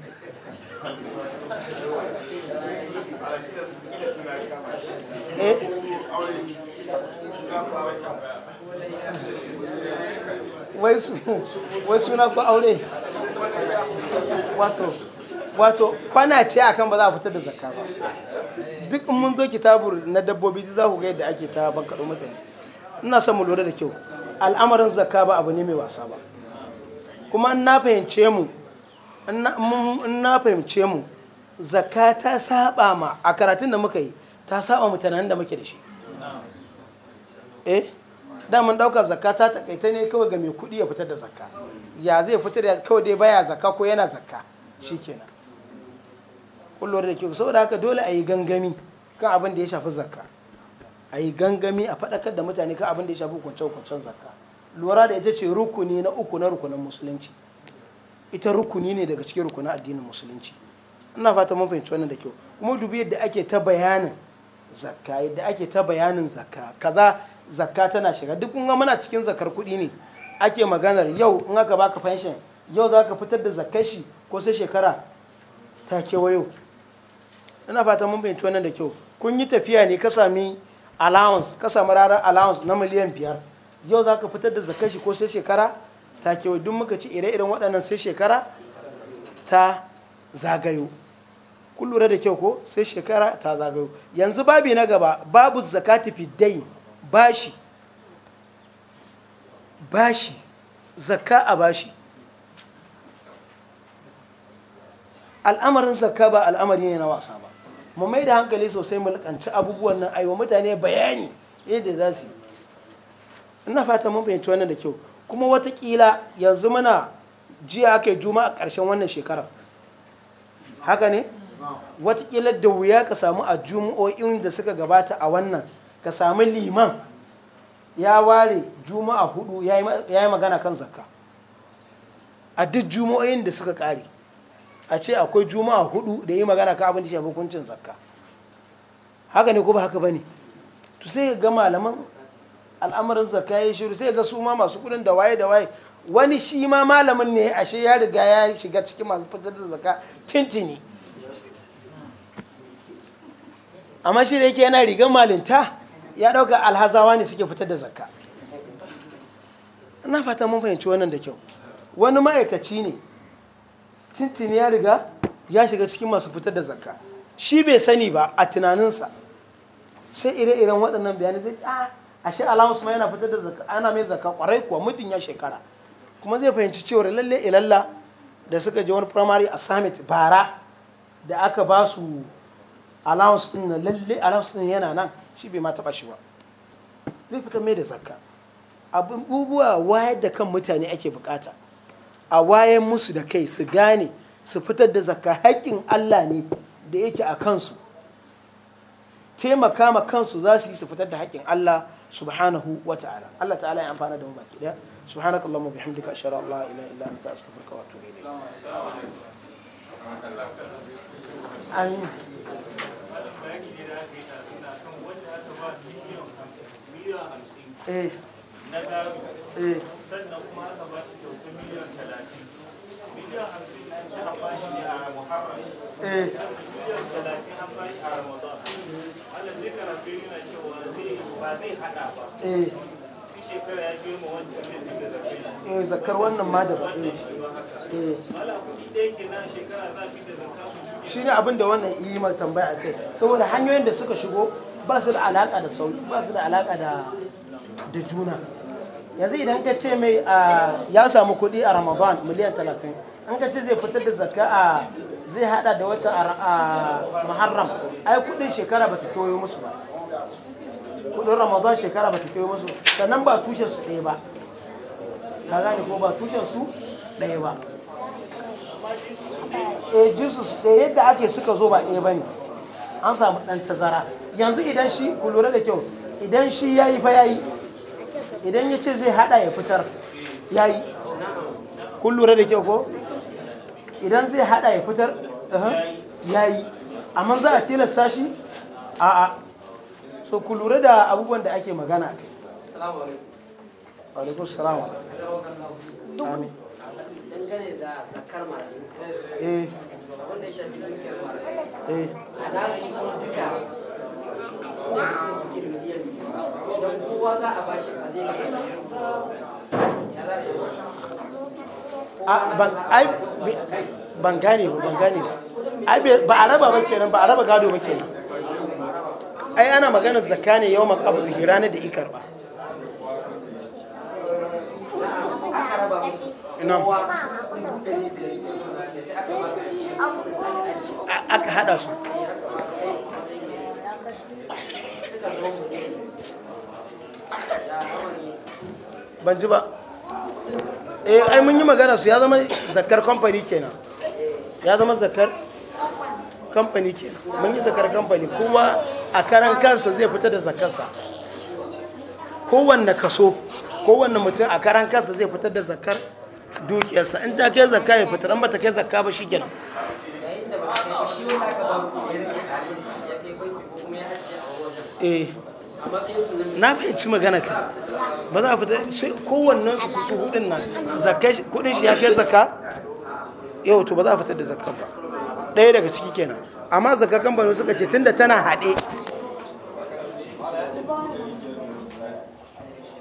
eh wai suna ku aure wato wato kwana ce akan ba za a fitar da zakka ba duk in mun zo kitabur na dabbobi za ku ga yadda ake ta bankaɗo mutane ina son mu lura da kyau al'amarin zakka ba abu ne mai wasa ba kuma in na fahimce mu in na fahimce mu zakka ta saba ma a karatun da muka yi ta saba mu tunanin da muke da shi eh daman ɗaukar zakka ta takaita ne kawai ga mai kuɗi ya fitar da zakka ya zai fitar da kawai dai baya zakka ko yana zakka shi kenan. kullum da kyau saboda haka dole a yi gangami kan abin da ya shafi zakka a yi gangami a faɗakar da mutane kan abin da ya shafi hukunce-hukuncen zakka lura da ita ce rukuni na uku na rukunin musulunci ita rukuni ne daga cikin rukunin addinin musulunci ina fata mun fahimci wannan da kyau kuma dubi yadda ake ta bayanin zakka yadda ake ta bayanin zakka kaza zakka tana shiga duk kun ga muna cikin zakar kuɗi ne ake maganar yau in aka baka pension yau za ka fitar da zakkar shi ko sai shekara ta kewayo ina fata mun fahimci wannan da kyau kun yi tafiya ne ka sami allowance ka sami rarar allowance na miliyan biyar yau za ka fitar da zakar shi ko sai shekara ta kewayo duk muka ci ire-iren waɗannan sai shekara ta zagayo kun lura da kyau ko sai shekara ta zagayo yanzu babi na gaba babu zakati fi dain bashi bashi zakka a bashi al'amarin zakka ba al'amari ne na wasa ba mu mai da hankali sosai mu abubuwan nan aiwa mutane bayani yadda za su yi ina fata mun fahimci wannan da kyau kuma watakila yanzu muna jiya aka juma a ƙarshen wannan shekarar haka ne watakila da wuya ka samu a juma'o'in da suka gabata a wannan ka sami liman ya ware juma'a hudu ya yi magana kan zakka a duk juma'o'in da suka kare a ce akwai juma'a hudu da yi magana kan abin da shafi hukuncin zakka haka ne ko ba haka ba ne to sai ga malaman al'amarin zakka ya yi shiru sai ga su ma masu kudin da waye da waye wani shi ma malamin ne ashe ya riga ya shiga cikin masu fitar da zakka tintini amma shi da yake yana rigar malinta ya ɗauka alhazawa ne suke fitar da zakka ina fata mun fahimci wannan da kyau wani ma'aikaci ne tintini ya riga ya shiga cikin masu fitar da zakka shi bai sani ba a tunaninsa sai ire-iren waɗannan bayanai zai a ah, ashe Alhamis ma yana fitar da zakka ana mai zakka kwarai kuwa mutum ya shekara kuma zai fahimci cewar lalle ilalla da suka je wani firamare a summit bara da aka ba su allowance din na lalle allowance din yana nan shi bai ma taba shi ba zai fitar mai da zakka bubuwa wayar da kan mutane ake bukata a wayan musu da kai su gane su fitar da zakka haƙƙin Allah ne da yake a kansu taimaka ma kansu za su yi su fitar da haƙƙin Allah subhanahu wa ta'ala Allah ta'ala ya amfana da mu baki daya subhanaka allahumma bihamdika ashhadu an la ilaha illa anta astaghfiruka wa atubu ilayk amin na sannan kuma aka ba shi kyautu miliyan talatin miliyan hamsin an ci a ne a miliyan talatin an a ramadan wanda sai cewa ba zai hada ba shekara ya ma wancan shi eh zakar wannan ma da ba eh eh kuɗi ɗaya shekara za fi da zakar shi abin da wannan yi e tambaya kai saboda hanyoyin da suka shigo ba su da alaka da sauki ba su da alaka da juna yanzu idan ka ce mai ya samu kuɗi a ramadan miliyan talatin an ka ce zai fitar da zakka a zai hada da wata a muharram ai kuɗin shekara ba ta musu ba kuɗin ramadan shekara ba ta kewayo musu sannan ba tushen su ɗaya ba ta gane ko ba tushen su ɗaya ba eh jinsu ɗaya yadda ake suka zo ba ɗaya ba ne an samu ɗan tazara yanzu idan shi ku lura da kyau idan shi ya yi fa ya yi idan ya ce zai haɗa ya fitar ya yi kun lura da kyau ko idan zai haɗa ya fitar ya yi amma za a tilasta shi a a so ku lura da abubuwan da ake magana a kai. Assalamu dangane da zakar marayu eh. eh. a a ba ban gane ba ban gane ba a ba kenan ba a raba gado ba kenan ina aka hada su ban ji ba eh ai mun yi magana su ya zama zakar kamfani kenan ya zama zakar kamfani kenan mun yi zakar kamfani kowa a karan kansa zai fita da zakarsa kowanne kaso kowanne mutum a karan kansa zai fita da zakar dukiyarsa in ta ke zakka ya fitar an ba ta kai zakka ba shi kenan eh, na fahimci magana ka ba za a fita sai kowannen su su hudun nan kudin shi ya kai zakka yau to ba za a fitar da zakka ba ɗaya daga ciki kenan amma kan kamfanin suka ce tunda tana haɗe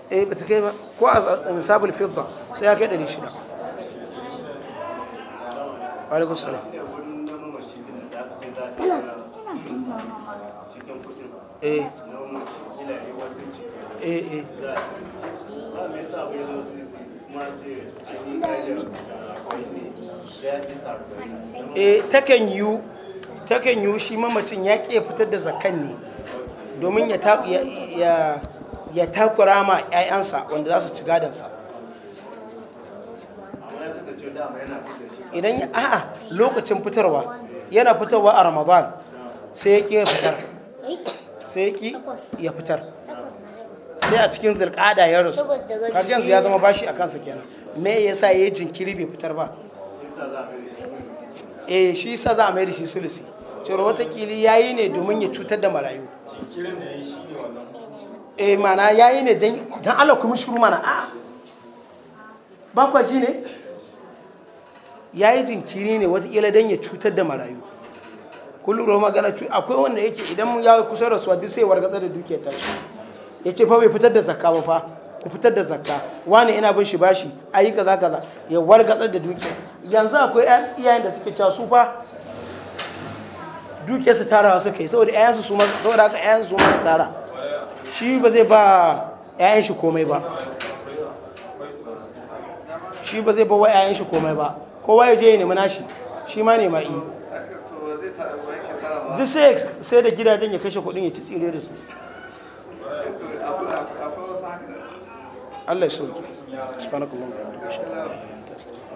eh ba ta kai ba ko a misabul fidda sai ya kai 600 alaikum salam eh, eh. eh takan yiwu yiwu shi mamacin ya ƙi fitar da zakan ne domin ya takura ma 'ya'yansa wanda za su ci gadansa. amma ya kasance dama yana fitar idan a lokacin fitarwa yana fitarwa a ramadan sai ya kira fitar sai ya ki ya fitar sai a cikin zirkada ya rasu kaga ya zama bashi a kansa kenan me yasa ya yi jinkiri bai fitar ba e shi sa za a mai da shi sulusi cewa watakili ya yi ne domin ya cutar da marayu eh mana ya yi ne don Allah kuma shuru mana a bakwaji ne ya yi jinkiri ne watakila don ya cutar da marayu kullum ruwa magana cuta akwai wanda yake idan ya kusa da suwa duk sai wargatsa da dukiyar ta shi ya ce fa fitar da zakka ba fa ku fitar da zakka wani ina bin shi a ayi kaza kaza ya wargatsa da dukiyar yanzu akwai iyayen da suke casu fa dukiyar su tarawa su yi saboda ƴaƴansu su saboda haka ƴaƴansu su ma tara shi ba zai ba 'ya'yan shi komai ba shi ba zai ba wa ƴaƴan shi komai ba kowa ya je ya nemi nashi shi ma nema yi duk sai da gidajen ya kashe kudin ya ci tsire da su Allah ya sauke subhanakallahu wa bihamdihi